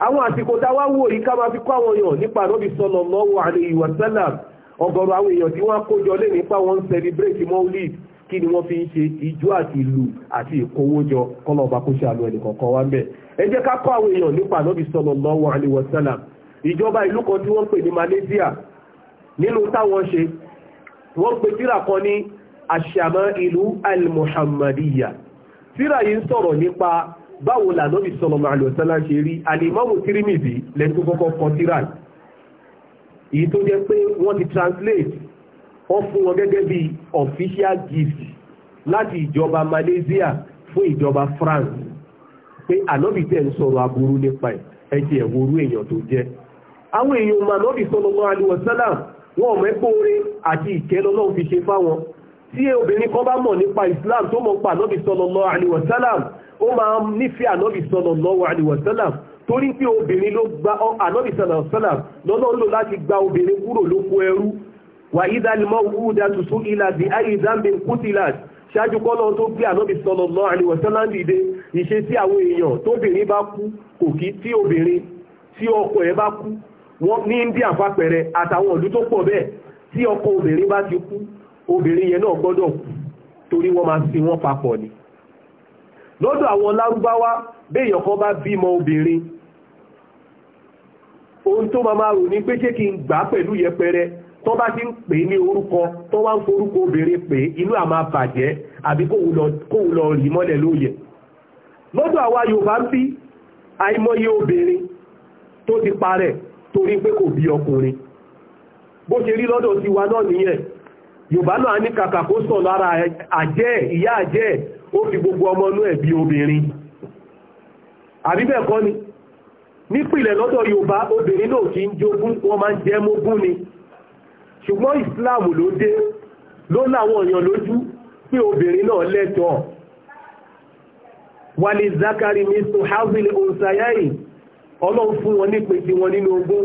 àwọn àsìkò táwa wò yìí ká máa fi kọ́ àwọn èèyàn nípa ànábì sallallahu alayhi wa sallam ọ̀gọ̀rọ̀ àwọn èèyàn tí wọ́n kójọ lé nípa wọn celebrate mọ́lid kí ni wọ́n fi ń ṣe ijó àti ìlú àti ìkówójọ kọ́lọ̀ọ̀bá kó ṣe àlọ́ ẹnì kọ̀ọ̀kan wá ń bẹ̀. ẹ jẹ́ ká kọ́ àwọn èèyàn nípa ànábì sallallahu alayhi wa sallam ìjọba ìlú kan tí wọ́n pè ní Malaysia nínú táwọn ṣe wọ́n pè tírà kan ní àṣàmọ́ ìlú al-Muhammadiyya tírà yìí ń sọ̀rọ̀ nípa báwo lànàbì sallallahu alaihi wasallam ṣe rí alimọ́mù tírímìbì lẹ́nu kọ́kọ́ kan tíra èyí tó jẹ́ pé wọ́n ti translate wọ́n fún wọn gẹ́gẹ́ bí official gift láti ìjọba Malaysia fún ìjọba France pé ànàbì tẹ̀ ń sọ̀rọ̀ aburú nípa ẹ̀ ẹ̀jẹ̀ ìwòrú èèyàn tó jẹ́ àwọn èèyàn mànàbì sallallahu alaihi wasallam wọn mẹ́kóore àti ìkẹ́ lọ́lọ́run fi ṣe fáwọn tí obìnrin kan bá mọ̀ nípa islam tó mọ̀ pa ànábì sallallahu alaihi wasallam ó máa nífẹ̀ẹ́ ànábì sallallahu alaihi wasallam torí pé obìnrin ló gba ànábì sallallahu alaihi wasallam lọ́nà ń lò láti gba obìnrin kúrò lóko ẹrú wà ìdálẹ́mọ̀ wúdà tuntun ìlà bí ayé zambi kutilat ṣáájú kọ́ lọ́n tó gbé ànábì sallallahu alaihi wasallam dìde ìṣe tí àwọn èèyàn tóbìnrin bá kú kò kí tí obìnrin tí ọkọ ẹ̀ bá kú wọ́n ní India fàpẹ̀rẹ̀ àtàwọn ìlú tó pọ̀ bẹ́ẹ̀ tí ọkọ obìnrin bá ti kú obìnrin yẹn náà gbọ́dọ̀ kú torí wọ́n máa sin wọ́n papọ̀ ni lọ́dọ̀ àwọn lárúbáwá béèyàn kan bá bímọ obìnrin ohun tó máa máa rò ní pé ṣé kí n gbà pẹ̀lú yẹpẹrẹ tó bá ti ń pè ní orúkọ tó wá ń forúkọ obìnrin pè inú à máa bàjẹ́ àbí kóhùn lọ rí mọ́lẹ̀ lóye lọ́dọ̀ àwa Yorùbá ń bí àìmọye obìnrin tó ti parẹ̀ torí pé kò bí ọkùnrin bó ṣe rí lọ́dọ̀ tiwa náà nìyẹn yorùbá náà ní kàkà kó sàn lára àjẹ́ ìyá àjẹ́ ó fi gbogbo ọmọ inú ẹ̀ obìnrin àbí bẹ́ẹ̀ kọ́ ni nípìnlẹ̀ lọ́dọ̀ yorùbá obìnrin náà kì í jogún wọ́n máa ń jẹ́ mógún ni ṣùgbọ́n islam ló dé ló láwọn èèyàn lójú pé obìnrin náà lẹ́tọ̀ọ́ wàlẹ̀ zakari mr hazel onsayayi ọlọ́run fún wọn nípe tí wọn nínú ogún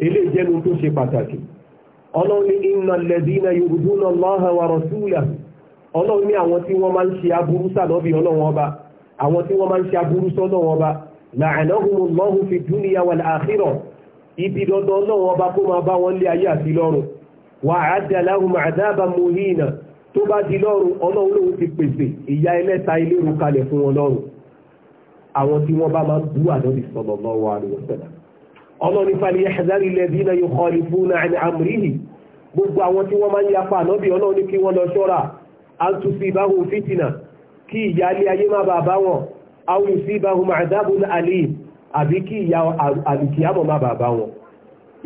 ilé ìjẹnu tó ṣe pàtàkì ọlọ́run ní innal ladhina yuruduna Allaha wa rasulahu ọlọ́run ní àwọn tí wọ́n máa ń ṣe aburú sàlọ́bì ọlọ́run ọba àwọn tí wọ́n máa ń ṣe aburú sọ́lọ́run ọba la'anahumullahu fi dunya wal akhirah ibi dandan ọlọ́run ọba kó máa bá wọn lé ayé àti lọ́run wa a'adda lahum 'adaban muhina tó bá di lọ́run ọlọ́run lòun ti pèsè ìyà ẹlẹ́ta ilé ọlọ́ni falẹ̀ yẹ́hẹ̀dárì lẹ́bí náà yóò kọ́lì fún àìní àmúríhì gbogbo àwọn tí wọ́n máa ń yapa ànábì ọlọ́ni kí wọ́n lọ ṣọ́ra àtúnṣe ìbáhu fìtìnà kí ìyà alẹ́ ayé má bàa bá wọn àwọn ìsí ìbáhu màdábù alẹ́ àbí kí ìyà àlùkìyàmọ̀ má bàa bá wọn.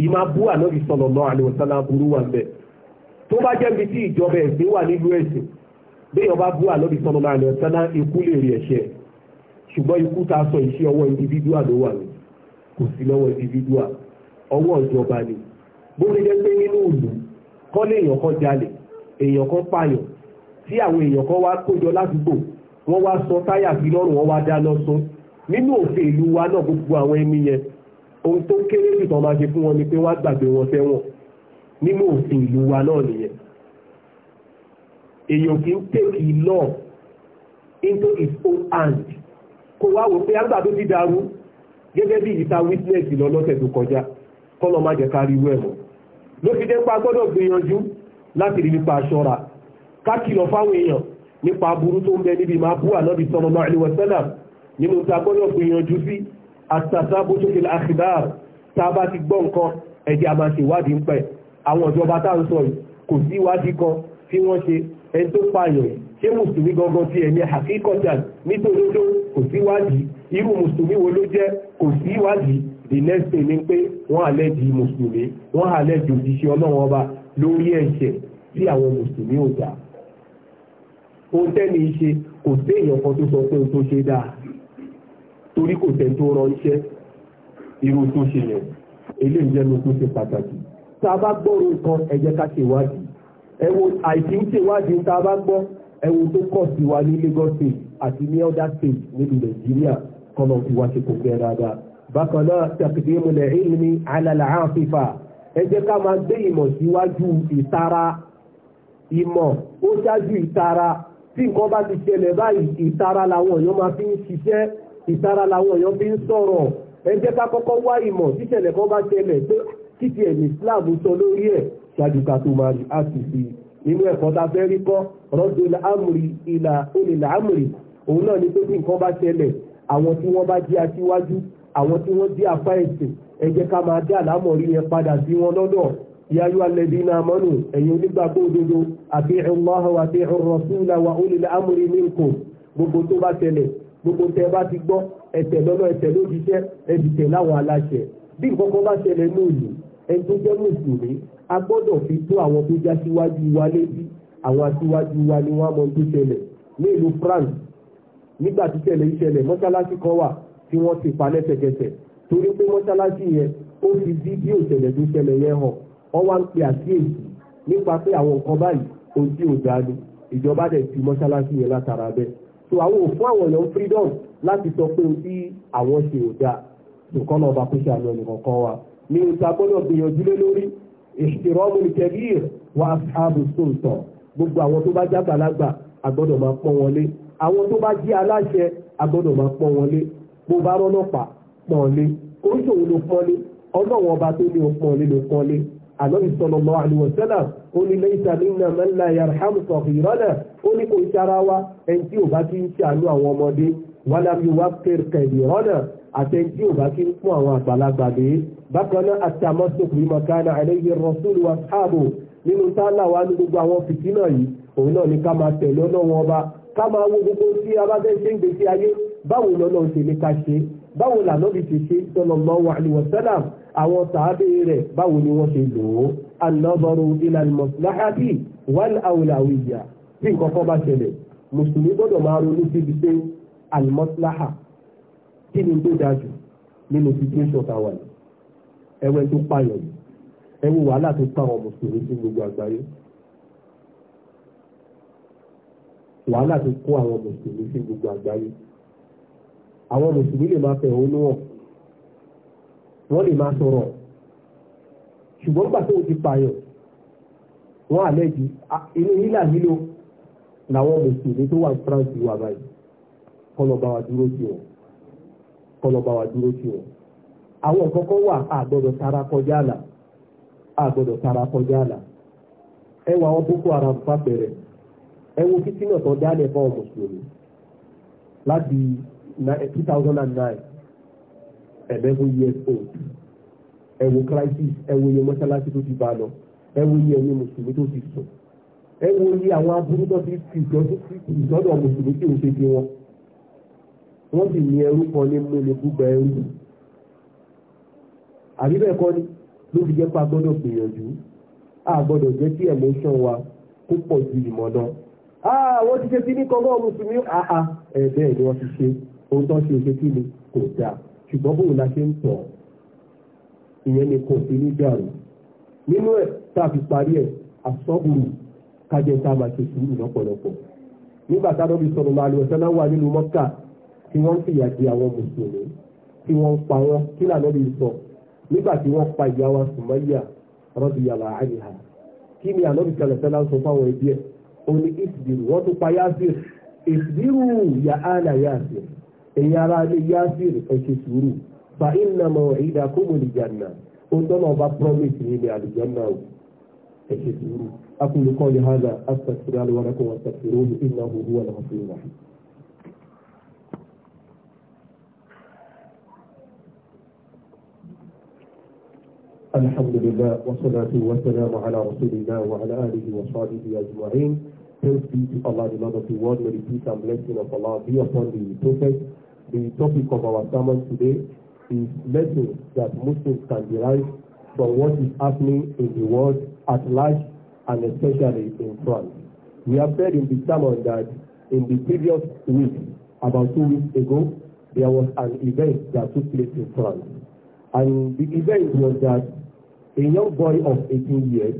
ìmá bú ànábì sallallahu alaihi wasallam burú wà bẹ́ẹ̀ tó kò sí lọ́wọ́ individual ọwọ́ ìjọba ni bó ṣe jẹ́ pé nínú ìlú kọ́ lé èèyàn kan jalè èèyàn kan pààyàn tí àwọn èèyàn kan wá kójọ ládùúgbò wọ́n wá sọ táyà sí lọ́rùn wọ́n wá dá lọ́sọ nínú òfin ìlú wa náà gbogbo àwọn ẹni yẹn ohun tó kéré jù tán máa ṣe fún wọn ni pé wọ́n gbàgbé wọn sẹ́wọ̀n nínú òfin ìlú wa náà nìyẹn èèyàn kì í tèkì lọ into his own hand kó wá wò pé àgbà ti dàrú gẹ́gẹ́ bí ìta witness lọ lọ́sẹ̀ tó kọjá kọ́lọ̀ má jẹ́ kárí wẹ̀ mọ́ ló fi dé pa gbọ́dọ̀ gbìyànjú láti rí nípa aṣọ́ra kákìlọ̀ fáwọn èèyàn nípa aburú tó ń bẹ níbi máa bú ànábì sallallahu alaihi wasallam nínú ta gbọ́dọ̀ gbìyànjú sí àtàtàbótó fil akhbar tá a bá ti gbọ́ nǹkan ẹ̀jẹ̀ a máa ṣe ìwádìí ń pẹ̀ àwọn ìjọba tá à ń sọ yìí kò sí ìwádìí kan tí wọ́n ṣe ẹni tó pààyàn ṣé mùsùlùmí gangan ti ẹ̀mí àkíkọ̀tà nítorí kò sí ìwádìí irú mùsùlùmí wo ló jẹ́ kò sí ìwádìí the next thing ni pé wọ́n àlẹ́jì mùsùlùmí wọ́n àlẹ́jì òṣìṣẹ́ ọlọ́run ọba lórí ẹ̀ṣẹ̀ tí àwọn mùsùlùmí ò dá ohun tẹ́ni ṣe kò sí èèyàn kan tó sọ pé ohun tó ṣe dáa torí kò tẹ́ tó ránṣẹ́ irú tó ṣe yẹn eléyìí jẹ́nu tó ṣe pàtàkì tá a bá gbọ́rò nǹkan ẹ jẹ́ ká ṣèwádìí ẹ wo àìsí ń ṣèwádìí tá a bá gbọ́ ẹ wo tó kọ̀ sí wa ní Lagos state àti ní other state nílùú Nàìjíríà kọ́nà ti wá sí kò gẹ́ dáadáa bákan náà taqdimu al-ilmi ala al-'aatifa ẹ jẹ́ ká máa gbé ìmọ̀ síwájú ìtara ìmọ̀ ó ṣáájú ìtara tí nǹkan bá ti ṣẹlẹ̀ báyìí ìtara làwọn èèyàn máa fi ń ṣiṣẹ́ ìtara làwọn èèyàn fi ń sọ̀rọ̀ ẹ jẹ́ ká kọ́kọ́ wá ìmọ̀ tíṣẹ̀lẹ̀ kan bá ṣẹlẹ̀ pé títí ẹ̀mí Islam sọ lórí ẹ̀ ṣáájú ká tó máa rí àṣìṣe nínú ẹ̀kọ́ tá fẹ́ rí kọ́ rọ́dùn amúri ìlà olè làámùrì òun náà ni pé tí nǹkan bá ṣẹlẹ̀ àwọn tí wọ́n bá jẹ́ aṣíwájú àwọn tí wọ́n jẹ́ apá ẹ̀sìn ẹ jẹ́ ká máa dá àlámọ̀rí yẹn padà sí wọn lọ́dọ̀ yáyú alẹ́bí náà mọ́nù ẹ̀yin onígbàgbọ́ òdodo àti Allah wa àti rasula wa ulil amri minkum gbogbo tó bá tẹ̀lẹ̀ gbogbo tẹ́ bá ti gbọ́ ẹ̀tẹ̀ lọ́nà ẹ̀tẹ̀ lójíṣẹ́ ẹ̀dìtẹ̀ láwọn aláṣẹ bí nǹkan kan bá ṣẹlẹ̀ ní òyìn ẹni tó jẹ́ mùsùlùmí a gbọ́dọ̀ fi tó àwọn tó já síwájú wa létí àwọn aṣíwájú wa ni wọ́n mọ tó ṣẹlẹ̀ ní ìlú France nígbà tí tẹ̀lé ìṣẹ̀lẹ̀ mọ́ṣáláṣí kan wà tí wọ́n ti pa lẹ́sẹ̀kẹsẹ̀ torí pé mọ́ṣáláṣí yẹn ó fi fídíò ìṣẹ̀lẹ̀ tó ṣẹlẹ̀ yẹn hàn wọ́n wá ń pe àkíyèsí nípa pé àwọn nǹkan báyìí ohun tí ò dáa ni ìjọba dẹ̀ ti mọ́ṣáláṣí yẹn látara bẹ́ẹ̀ so àwọn ò fún àwọn èèyàn freedom láti sọ pé ohun tí àwọn ṣe ò dáa nǹkan náà bá kó ṣe àmì ọ̀nìkan kan wa ní ìta gbọ́dọ̀ gbìyànjú lé lórí ìṣèrọ́mù ìkẹ́bíyè wa àbùsùn tọ̀ gbogbo àwọn tó bá jágbàlagbà àgbọ́dọ̀ máa pọ́n wọlé àwọn tó bá jẹ́ aláṣẹ agbọ́dọ̀ máa pọ́n wọn lé bó bá rọ́nà pa pọ́n lé kó ń ṣòwò ló pọ́n lé ọlọ́wọ́n ọba tó ní òpọ́n lé ló pọ́n lé àlọ́bí sallallahu alaihi wasallam ó ní laysa minna man la yarhamu saghirana ó ní kò ṣara wa ẹni tí ò bá ti ń ṣàánú àwọn ọmọdé walam yuwaqqir kabirana àtẹni tí ò bá ti ń fún àwọn àgbàlagbà lé bákan náà at-tamassuk bima kana alayhi ar wa ashabu nínú táàlà wa ní gbogbo àwọn fìtínà yìí òun náà ní ká máa tẹ̀lé ọlọ́wọ́n ọba ká máa wo gbogbo tí a bá fẹ́ ṣe ń gbèsè ayé báwo lọ́nà ṣe lè ka ṣe báwo lànà bí ṣe ṣe sallallahu alaihi wasallam àwọn sàábé rẹ̀ báwo ni wọ́n ṣe lò ó an-nazaru ila al-maslahati wal-awlawiyya bí nǹkan kan bá ṣẹlẹ̀ mùsùlùmí gbọ́dọ̀ máa ronú síbi pé al kí ni tó dájú nínú situation táwa ni ẹwẹ́ tó pààyàn ẹwọ́ wàhálà tó pààrọ̀ mùsùlùmí sí gbogbo àgbáyé wàhálà ti kó àwọn mùsùlùmí sí gbogbo àgbáyé àwọn mùsùlùmí lè máa fẹ̀hónú hàn wọ́n lè máa sọ̀rọ̀ ṣùgbọ́n gbà tó ti pààyàn wọ́n àlẹ́jì ah, inú hílà hílò làwọn mùsùlùmí tó wà ní France wà báyìí kọlọ̀bà wa dúró tì wọ́n kọlọ̀bà wa dúró tì wọ́n àwọn kọ́kọ́ wà àgbọ̀dọ̀ tara kọjá àlà àgbọ̀dọ̀ tara kọjá àlà ẹwà wọn Boko Haram fà bẹ̀rẹ̀ ẹ wo títí náà tó dálẹ̀ fún ọmọ mùsùlùmí láti two thousand and nine eleven years old ẹ wo crisis ẹ wo iye mọ́ṣáláṣí tó ti bá lọ ẹ wo iye ẹ̀yin mùsùlùmí tó ti sùn ẹ wo iye àwọn aburú tó ti fi ìjọ́dọ̀ mùsùlùmí tí ò ṣe fi wọn wọ́n sì ní ẹrú kan ní múlẹ gbúgbà ẹrú àbí bẹ́ẹ̀ kọ́ ni ló fi jẹ́ pé a gbọ́dọ̀ gbìyànjú a gbọ́dọ̀ jẹ́ kí emotion wa kó pọ̀ ju ìmọ̀ náà. Ah, wọ́n ti ṣe ah, ah, ni wọ́n ti ṣe ohun tó ṣe kí ni kò dáa ṣùgbọ́n la ṣe ń tọ̀ ìyẹn ni kò sí ní dàrú nínú ẹ̀ tá a fi parí ẹ̀ àsọ́bùrù kájẹ́ tá a máa ṣe sùúrù lọ́pọ̀lọpọ̀ nígbà táwọn fi sọ̀rọ̀ máa lo ẹ̀sán náà wà nínú mọ́kà tí wọ́n ń fìyà jẹ àwọn mùsùlùmí tí wọ́n pa wọ́n kí lànà bí sọ nígbà tí pa ìyá wa kí ni òun ni ìsìdìrú wọ́n tún pa yásìrì ìsìdìrú yà á là yásìrì ẹ̀yin ara ní yásìrì ẹ ṣe sùúrù fa iná mọ ìdá kó mo lè jàǹnà ohun tó náà bá promise yìí ni àlùjànnà o ẹ ṣe sùúrù akúlùkọ́ yìí hàn án astagfirullah wa lakum wastagfiruhu innahu huwal ghafurur rahim. الحمد لله والصلاة والسلام على رسول الله وعلى آله وصحبه أجمعين. Thanks be to Allah, the Lord of the world. May the peace and blessing of Allah be upon the Prophet. The topic of our sermon today is lessons that Muslims can derive from what is happening in the world at large and especially in France. We have said in the sermon that in the previous week, about two weeks ago, there was an event that took place in France. And the event was that a young boy of 18 years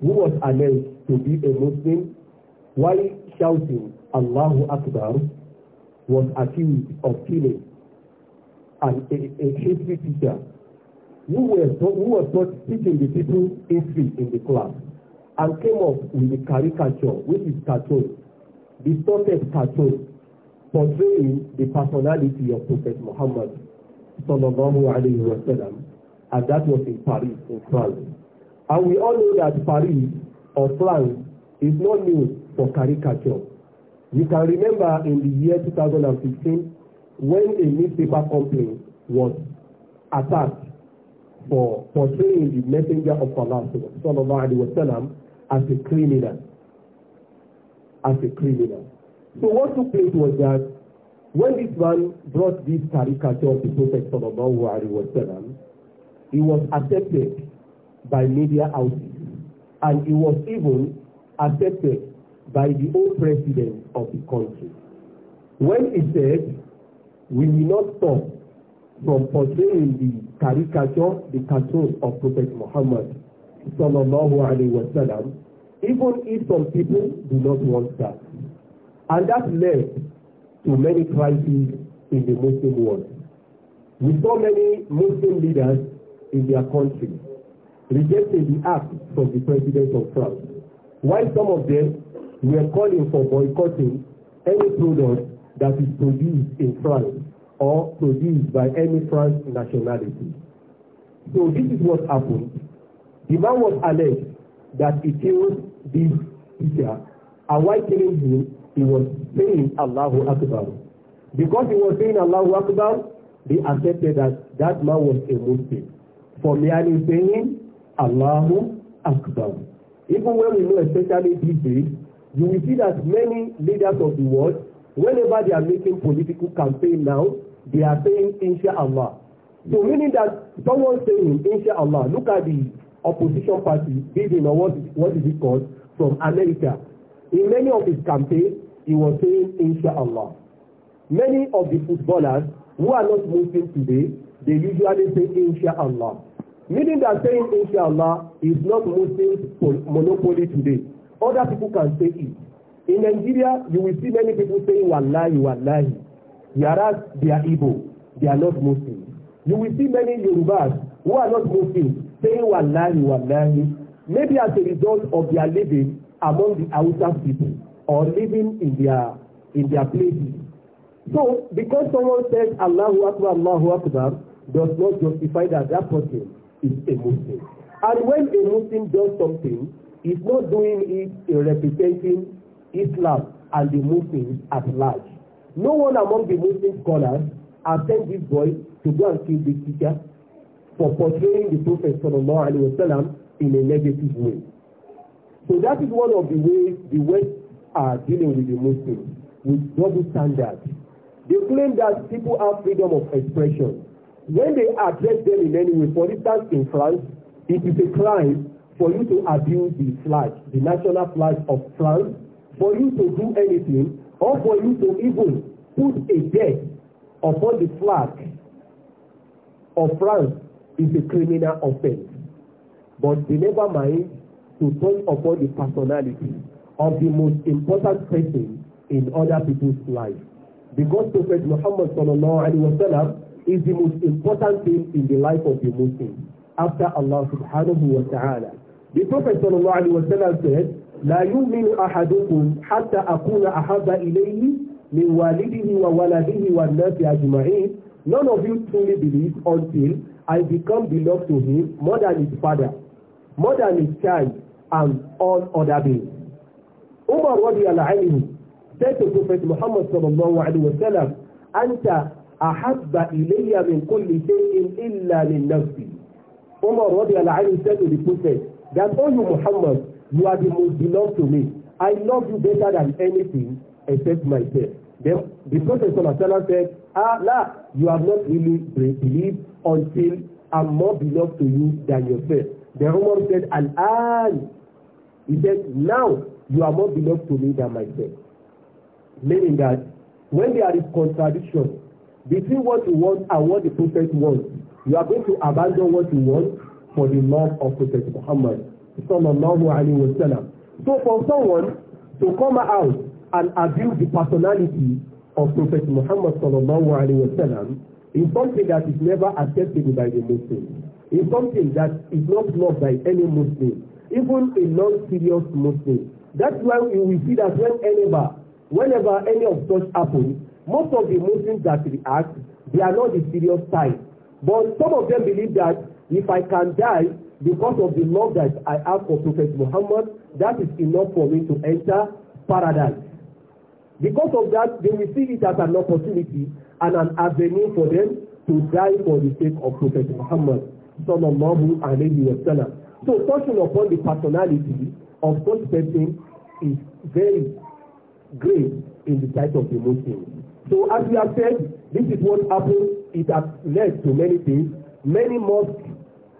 who was alleged to be a Muslim while shouting Allahu Akbar was accused of killing and a, a history teacher who, were, who was not teaching the people history in the class and came up with a caricature which is cartoon distorted cartoon portraying the personality of Prophet Muhammad sallallahu alayhi wa sallam and that was in Paris, in France. And we all know that Paris or France is not known for caricature. You can remember in the year 2016 when a newspaper company was attacked for portraying the messenger of Allah sallallahu alaihi wasallam as a criminal. As a criminal. So what took place was that when this man brought this caricature of the Prophet sallallahu alaihi wasallam, He was accepted by media houses and he was even accepted by the old president of the country. When he said, we will not stop from portraying the caricature, the cartoon of Prophet Muhammad sallallahu alayhi wa sallam, even if some people do not want that. And that led to many crises in the Muslim world. We saw many Muslim leaders in their country, rejecting the act from the president of France. While some of them were calling for boycotting any product that is produced in France or produced by any French nationality. So this is what happened. The man was alleged that he killed this teacher. And while killing him, he was saying Allahu Akbar. Because he was saying Allahu Akbar, they accepted that that man was a Muslim from hearing saying, Allahu Akbar. Even when we know especially these days, you will see that many leaders of the world, whenever they are making political campaign now, they are saying Insha'Allah. So meaning that someone saying Insha'Allah, look at the opposition party, Biden or what, what is it called, from America. In many of his campaigns, he was saying Insha'Allah. Many of the footballers who are not Muslim today, they usually say Insha'Allah. Meaning that saying inshallah is not Muslim's monopoly today. Other people can say it. In Nigeria, you will see many people saying wallahi, wallahi. Whereas they are Igbo, they are not Muslims. You will see many Yorubas who are not Muslims saying wallahi, wallahi. Maybe as a result of their living among the Hausa people or living in their in their places. So because someone says Allahu Akbar, Allahu Akbar does not justify that that person is a Muslim. And when a Muslim does something, he's not doing it in representing Islam and the Muslims at large. No one among the Muslim scholars has sent this boy to go and kill this teacher for portraying the Prophet sallallahu alaihi wasallam in a negative way. So that is one of the ways the West are dealing with the Muslims with double standards. They claim that people have freedom of expression When they address them in any way, for instance, in France, it is a crime for you to abuse the flag, the national flag of France, for you to do anything, or for you to even put a death upon the flag of France is a criminal offence. But they never mind to touch upon the personality of the most important person in other people's life. Because Prophet Muhammad sallallahu alaihi wasallam is the most important thing in the life of the Muslim after Allah subhanahu wa ta'ala. The Prophet sallallahu alayhi wa sallam said, لا يؤمن أحدكم حتى أكون أحب إليه من والده وولده والناس أجمعين. None of you truly believe until I become beloved to him more than his father, more than his child, and all other beings. Umar radiallahu anhu said to Prophet Muhammad sallallahu alayhi wa sallam, أنت àhágbà ìléyà mi kò lè dé ìlà ní nàfì Umar rọ́bì aláàrin sẹ́nu the prophet that all oh, you Muhammad you are the most beloved to me I love you better than anything except myself then the prophet sallallahu alaihi wasallam said ah la you have not really believed until I'm more beloved to you than yourself the Umar said al he said now you are more beloved to me than myself meaning that when there is contradiction Between what you want and what the Prophet wants, you are going to abandon what you want for the love of Prophet Muhammad sallallahu alayhi wa sallam. So for someone to come out and abuse the personality of Prophet Muhammad sallallahu alayhi wa sallam is something that is never acceptable by the Muslims. Is something that is not loved by any Muslim, even a non-serious Muslim. That's why we see that when whenever, whenever any of such happens, Most of the Muslims that react, they are not the serious type. But some of them believe that if I can die because of the love that I have for Prophet Muhammad, that is enough for me to enter paradise. Because of that, they will see it as an opportunity and an avenue for them to die for the sake of Prophet Muhammad of sallallahu alayhi wa sallam. So touching upon the personality of such person is very great in the sight of the Muslims. So as we have said, this is what happened. It has led to many things. Many mosques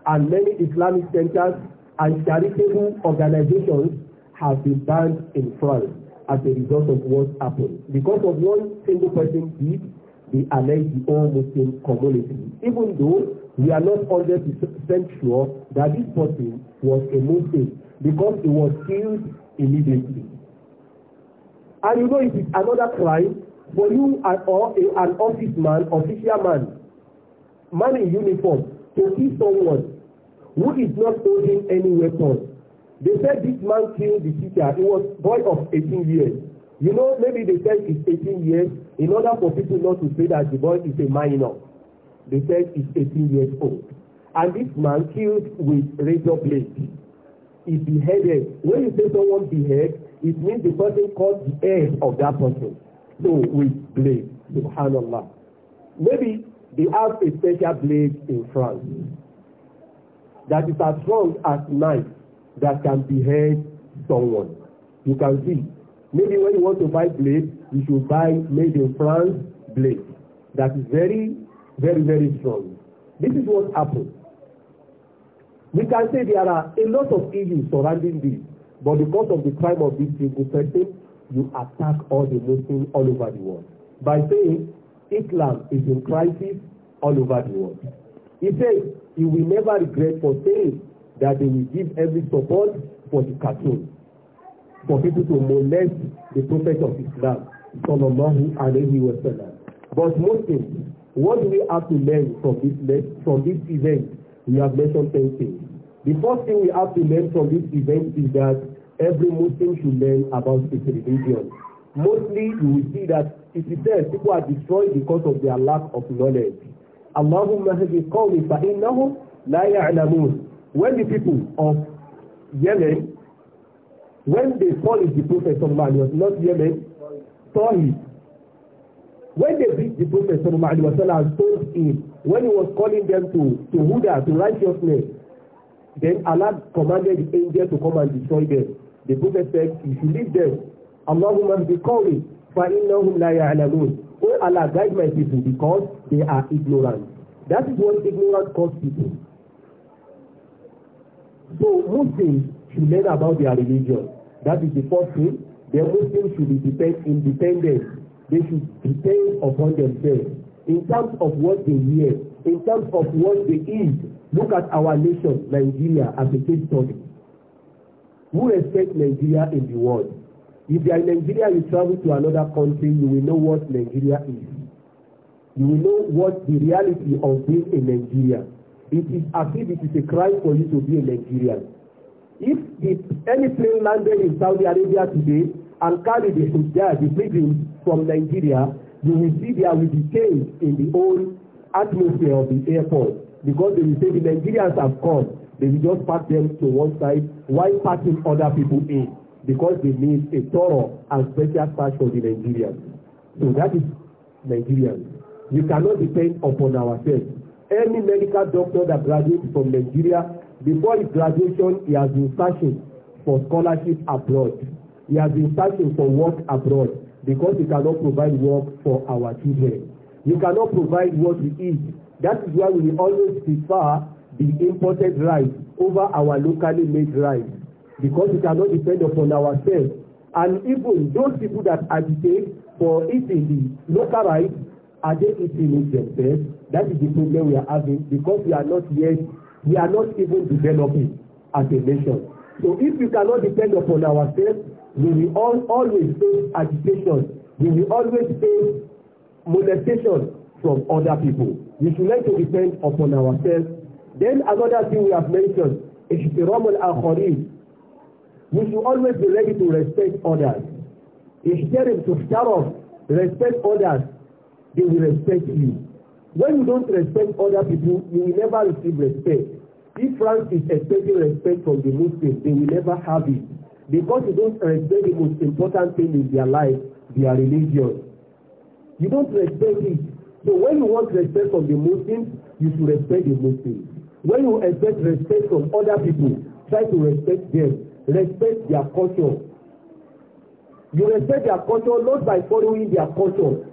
and many Islamic centers and charitable organizations have been banned in France as a result of what happened. Because of one single person did, they alleged the whole Muslim community. Even though we are not 100% sure that this person was a Muslim because he was killed immediately. And you know it is another crime But you are or a, an office man, official man, man in uniform, to kill someone who is not holding any weapon. They said this man killed the teacher. He was boy of 18 years. You know, maybe they said he's 18 years in order for people not to say that the boy is a minor. They said he's 18 years old. And this man killed with razor blade. He beheaded. When you say someone behead, it means the person cut the head of that person. So we blade. Subhanallah. Maybe they have a special blade in France that is as strong as knife that can behead someone. You can see. Maybe when you want to buy blade, you should buy made in France blade that is very, very, very strong. This is what happened. We can say there are a lot of issues surrounding this, but because of the crime of this single person, you attack all the Muslims all over the world by saying Islam is in crisis all over the world. He said he will never regret for saying that they will give every support for the cartoon for people to molest the prophet of Islam sallallahu alayhi wa sallam. But Muslims, what we have to learn from this from this event? We have mentioned ten things. The first thing we have to learn from this event is that Every Muslim should learn about his religion. Mostly you will see that it is said people are destroyed because of their lack of knowledge. Allahumma hadi qawmi fa innahum la ya'lamun. When the people of Yemen, when they followed the Prophet Sallallahu Alaihi Wasallam, not Yemen, Tawhid, when they beat the Prophet Sallallahu Alaihi Wasallam and stoned him, when he was calling them to, to Huda, to righteousness, Then Allah commanded the angel to come and destroy them. The Prophet said, if you leave them, Allahumma bi qawli fa innahum la ya'lamun. Oh Allah, guide my people because they are ignorant. That is what ignorance causes people. So Muslims should learn about their religion. That is the first thing. The Muslims should be depend independent. They should depend upon themselves in terms of what they wear, in terms of what they eat. Look at our nation, Nigeria, as a case study. Who respects Nigeria in the world? If you are in Nigeria, you travel to another country, you will know what Nigeria is. You will know what the reality of being a Nigerian. It is as if it is a crime for you to be a Nigerian. If, if any plane landed in Saudi Arabia today and carried the Hujjah, the pilgrims from Nigeria, you will see there will be change in the whole atmosphere of the airport because they will say the Nigerians have come they will just pack them to one side while packing other people in because they need a thorough and special search for the Nigerians so that is Nigerians You cannot depend upon ourselves any medical doctor that graduates from Nigeria before his graduation he has been searching for scholarship abroad he has been searching for work abroad because we cannot provide work for our children. We cannot provide what we eat. That is why we always prefer the imported rice over our locally made rice because we cannot depend upon ourselves. And even those people that agitate for eating the local rice, are they eating it themselves? That is the problem we are having because we are not yet, we are not even developing as a nation. So if we cannot depend upon ourselves, We will always face agitation We will always face molestation from other people we should learn to depend upon ourselves then another thing we have mentioned is the Roman akharin we should always be ready to respect others If you ihtiram to start off respect others they will respect you when you don't respect other people you will never receive respect if France is expecting respect from the Muslims they will never have it Because you don't respect the most important thing in their life, their religion. You don't respect it. So when you want respect from the Muslims, you should respect the Muslims. When you expect respect from other people, try to respect them. Respect their culture. You respect their culture not by following their culture,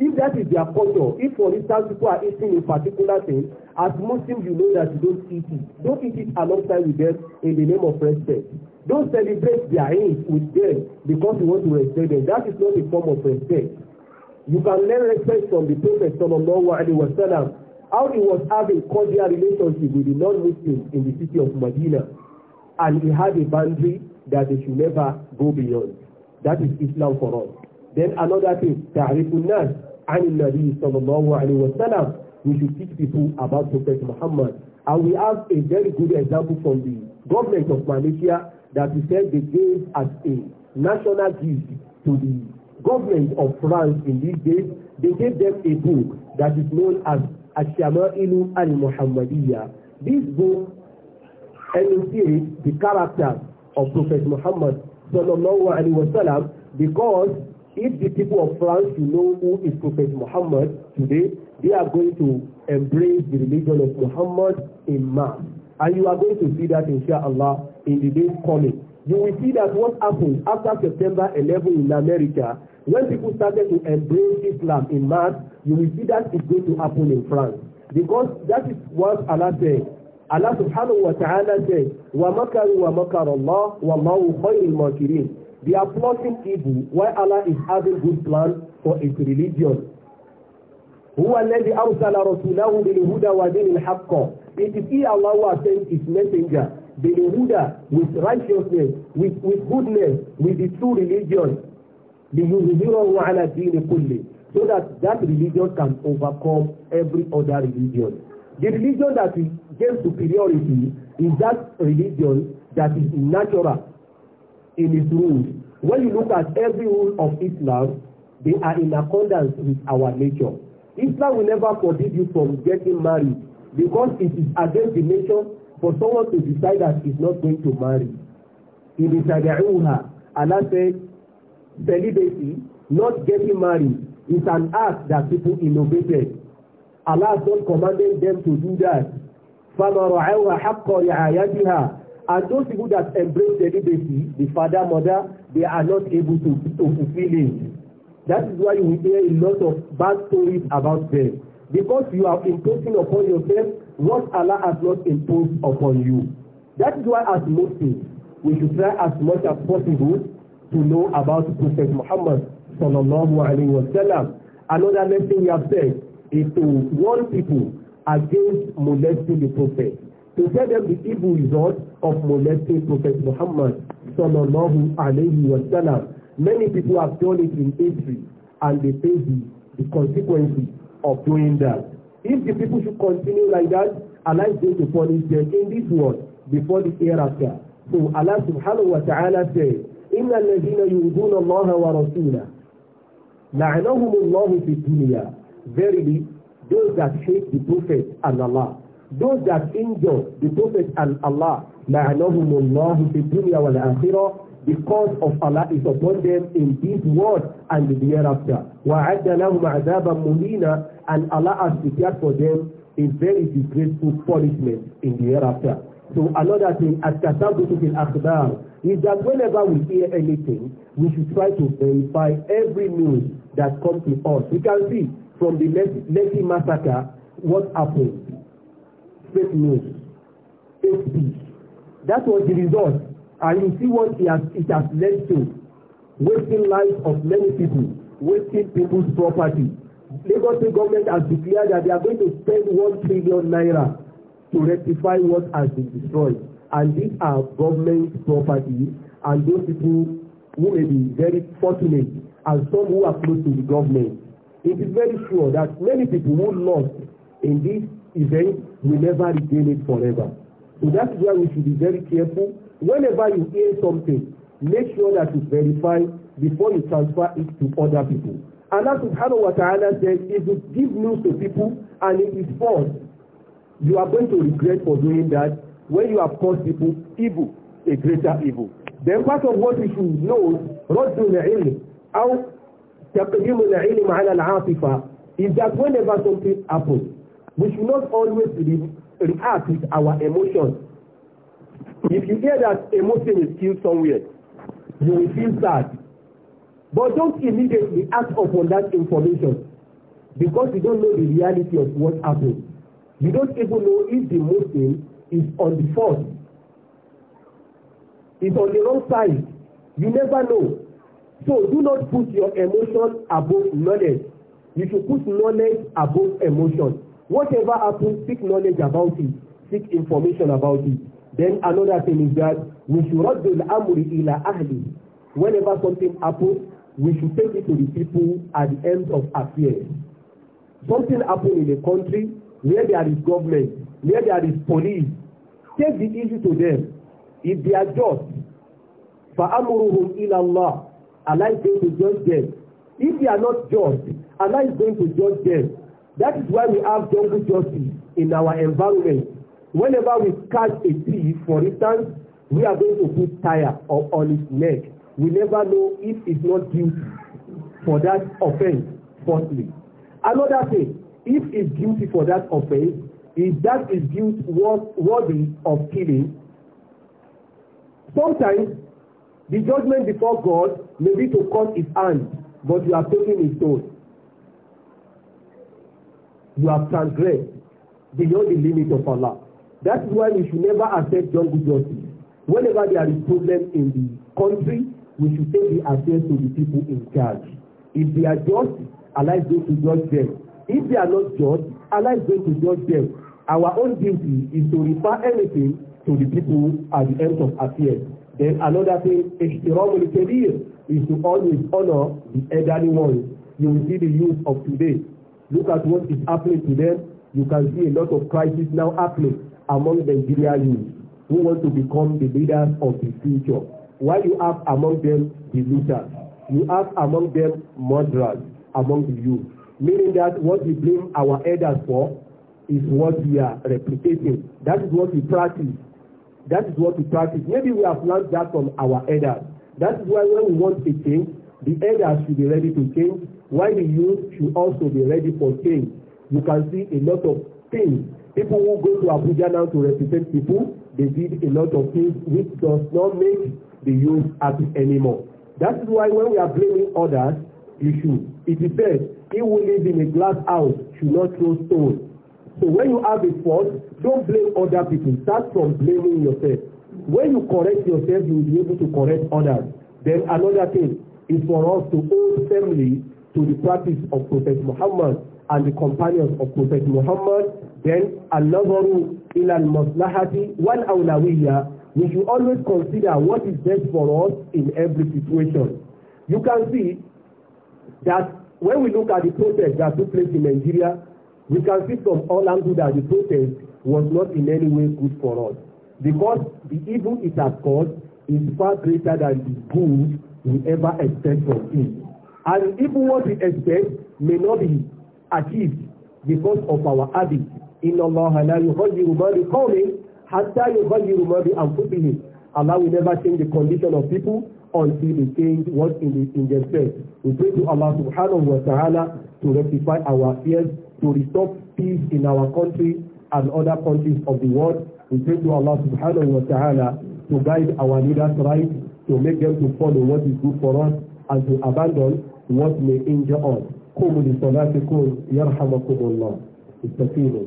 If that is their culture, if for instance people are eating a particular thing, as Muslims you know that you don't eat it. Don't eat it alongside with them in the name of respect. Don't celebrate their Eid with them because you want to respect them. That is not a form of respect. You can learn respect from the Prophet sallallahu alaihi wasallam how he was having cordial relationship with the non-Muslims in the city of Medina and he had a boundary that they should never go beyond. That is Islam for us. Then another thing, Ta'rifun Nas, عن النبي صلى الله عليه وسلم, we should teach people about Prophet Muhammad. And we have a very good example from the government of Malaysia that we said they gave as a national gift to the government of France in these days. They gave them a book that is known as Ash-Shama'ilu al-Muhammadiyya. This book enunciates the character of Prophet Muhammad sallallahu alaihi wasallam because if the people of France to know who is Prophet Muhammad today, they are going to embrace the religion of Muhammad in mass. And you are going to see that, inshallah, in the days coming. You will see that what happened after September 11 in America, when people started to embrace Islam in mass, you will see that it's going to happen in France. Because that is what Allah said. Allah subhanahu wa ta'ala said, وَمَكَرُوا وَمَكَرَ اللَّهُ وَاللَّهُ خَيْرُ الْمَاكِرِينَ They are plotting evil while Allah is having good plan for his religion. هو الذي أرسل رسوله بالهدى ودين الحق. It is he Allah who has sent his messenger بالهدى with righteousness, with, with goodness, with the true religion. ليظهره على الدين كله. So that that religion can overcome every other religion. The religion that is superiority is that religion that is natural in his rules. When you look at every rule of Islam, they are in accordance with our nature. Islam will never forbid you from getting married because it is against the nature for someone to decide that he's not going to marry. In Isadi'uha, Allah said, celibacy, not getting married, is an act that people innovated. Allah has not commanded them to do that. فَمَا رَعَوْهَا حَقَّ رِعَايَتِهَا And those people that embrace celibacy, the father, mother, they are not able to, to fulfill it. That is why we hear a lot of bad stories about them. Because you are imposing upon yourself what Allah has not imposed upon you. That is why as Muslims, we should try as much as possible to know about Prophet Muhammad sallallahu alaihi wasallam. sallam. Another lesson we have said is to warn people against molesting the Prophet to tell them the evil result of molesting Prophet Muhammad sallallahu alayhi wa sallam. Many people have done it in history and they face the, the consequences of doing that. If the people should continue like that, Allah is going to punish them in this world before the hereafter. So Allah subhanahu wa ta'ala says, إِنَّ الَّذِينَ يُؤْذُونَ اللَّهَ وَرَسُولَهُ لَعَنَهُمُ اللَّهُ فِي الدُّنْيَا Verily, those that hate the Prophet and Allah, those that injure the Prophet and Allah, لعنهم الله في الدنيا والآخرة the because of Allah is upon them in this world and the hereafter. وَعَدَّ لَهُمْ عَذَابًا مُهِينًا And Allah has prepared for them a very disgraceful punishment in the hereafter. So another thing, as التثبت في الأخبار is that whenever we hear anything, we should try to verify every news that comes to us. We can see from the Lekki massacre what happened fake news, fake speech. That was the result, and you see what it has, it has led to. Wasting lives of many people, wasting people's property. Lagos state government has declared that they are going to spend one trillion naira to rectify what has been destroyed. And these are government property, and those people who may be very fortunate, and some who are close to the government. It is very sure that many people who lost in this event will never regain it forever. So that's is why we should be very careful. Whenever you hear something, make sure that you verify before you transfer it to other people. Allah subhanahu wa ta'ala says, if you give news to people and it is false, you are going to regret for doing that when you have caused people evil, a greater evil. Then part of what we should know, رَدُّ الْعِلْمِ أو تَقْدِيمُ الْعِلْمِ عَلَى الْعَاطِفَةِ is that whenever something happens, We should not always re react with our emotions. If you hear that emotion is still somewhere, you will feel sad. But don't immediately act upon that information because you don't know the reality of what happened. You don't even know if the emotion is on the fault. It's on the wrong side. You never know. So do not put your emotion above knowledge. You should put knowledge above emotion. Whatever happens, seek knowledge about it, seek information about it. Then another thing is that we should not do amri ila ahli. Whenever something happens, we should take it to the people at the end of affairs. Something happen in a country where there is government, where there is police. Take the issue to them. If they are just, فَأَمُرُهُمْ ila Allah, Allah is going to judge them. If they are not just, Allah is going to judge them. That is why we have jungle justice in our environment. Whenever we catch a thief, for instance, we are going to put tire on, on his neck. We never know if he's not guilty for that offense, firstly. Another thing, if he's guilty for that offense, if that is guilt worthy of killing, sometimes the judgment before God may be to cut his hand, but you are taking his soul you have transgressed beyond the limit of Allah. That is why we should never accept jungle justice. Whenever there is problem in the country, we should take the affairs to the people in charge. If they are just, Allah is going to judge them. If they are not just, Allah is going to judge them. Our own duty is to refer anything to the people at the end of affairs. Then another thing, ihtiramul kabir is to always honor the elderly ones. You will see the youth of today. Look at what is happening to them. You can see a lot of crisis now happening among Nigeria youth who want to become the leaders of the future. While you have among them delusions, you have among them murderers among the youth. Meaning that what we blame our elders for is what we are replicating. That is what we practice. That is what we practice. Maybe we have learned that from our elders. That is why when we want a change, The elders should be ready to change, while the youth should also be ready for change. You can see a lot of things. People who go to Abuja now to represent people, they did a lot of things which does not make the youth happy anymore. That is why when we are blaming others, you should. It is said, he who lives in a glass house should not throw stones. So when you have a fault, don't blame other people. Start from blaming yourself. When you correct yourself, you will be able to correct others. Then another thing, is for us to hold firmly to the practice of Prophet Muhammad and the companions of Prophet Muhammad, then al-nazaru ila al-maslahati wal awlawiyya, we should always consider what is best for us in every situation. You can see that when we look at the protest that took place in Nigeria, we can see from all angles that the protest was not in any way good for us. Because the evil it has caused is far greater than the good We ever expect from him. And even what we expect may not be achieved because of our habit. Inna Allah la yughayyiru ma bi qawmin hatta yughayyiru ma bi anfusihim. Allah will never change the condition of people until they change what in, the, in themselves. We pray to Allah subhanahu wa ta'ala to rectify our fears, to restore peace in our country and other countries of the world. We pray to Allah subhanahu wa ta'ala to guide our leaders right to make them to follow what is good for us and to abandon what may injure us. قوموا لصلاتكم يرحمكم الله استفيدوا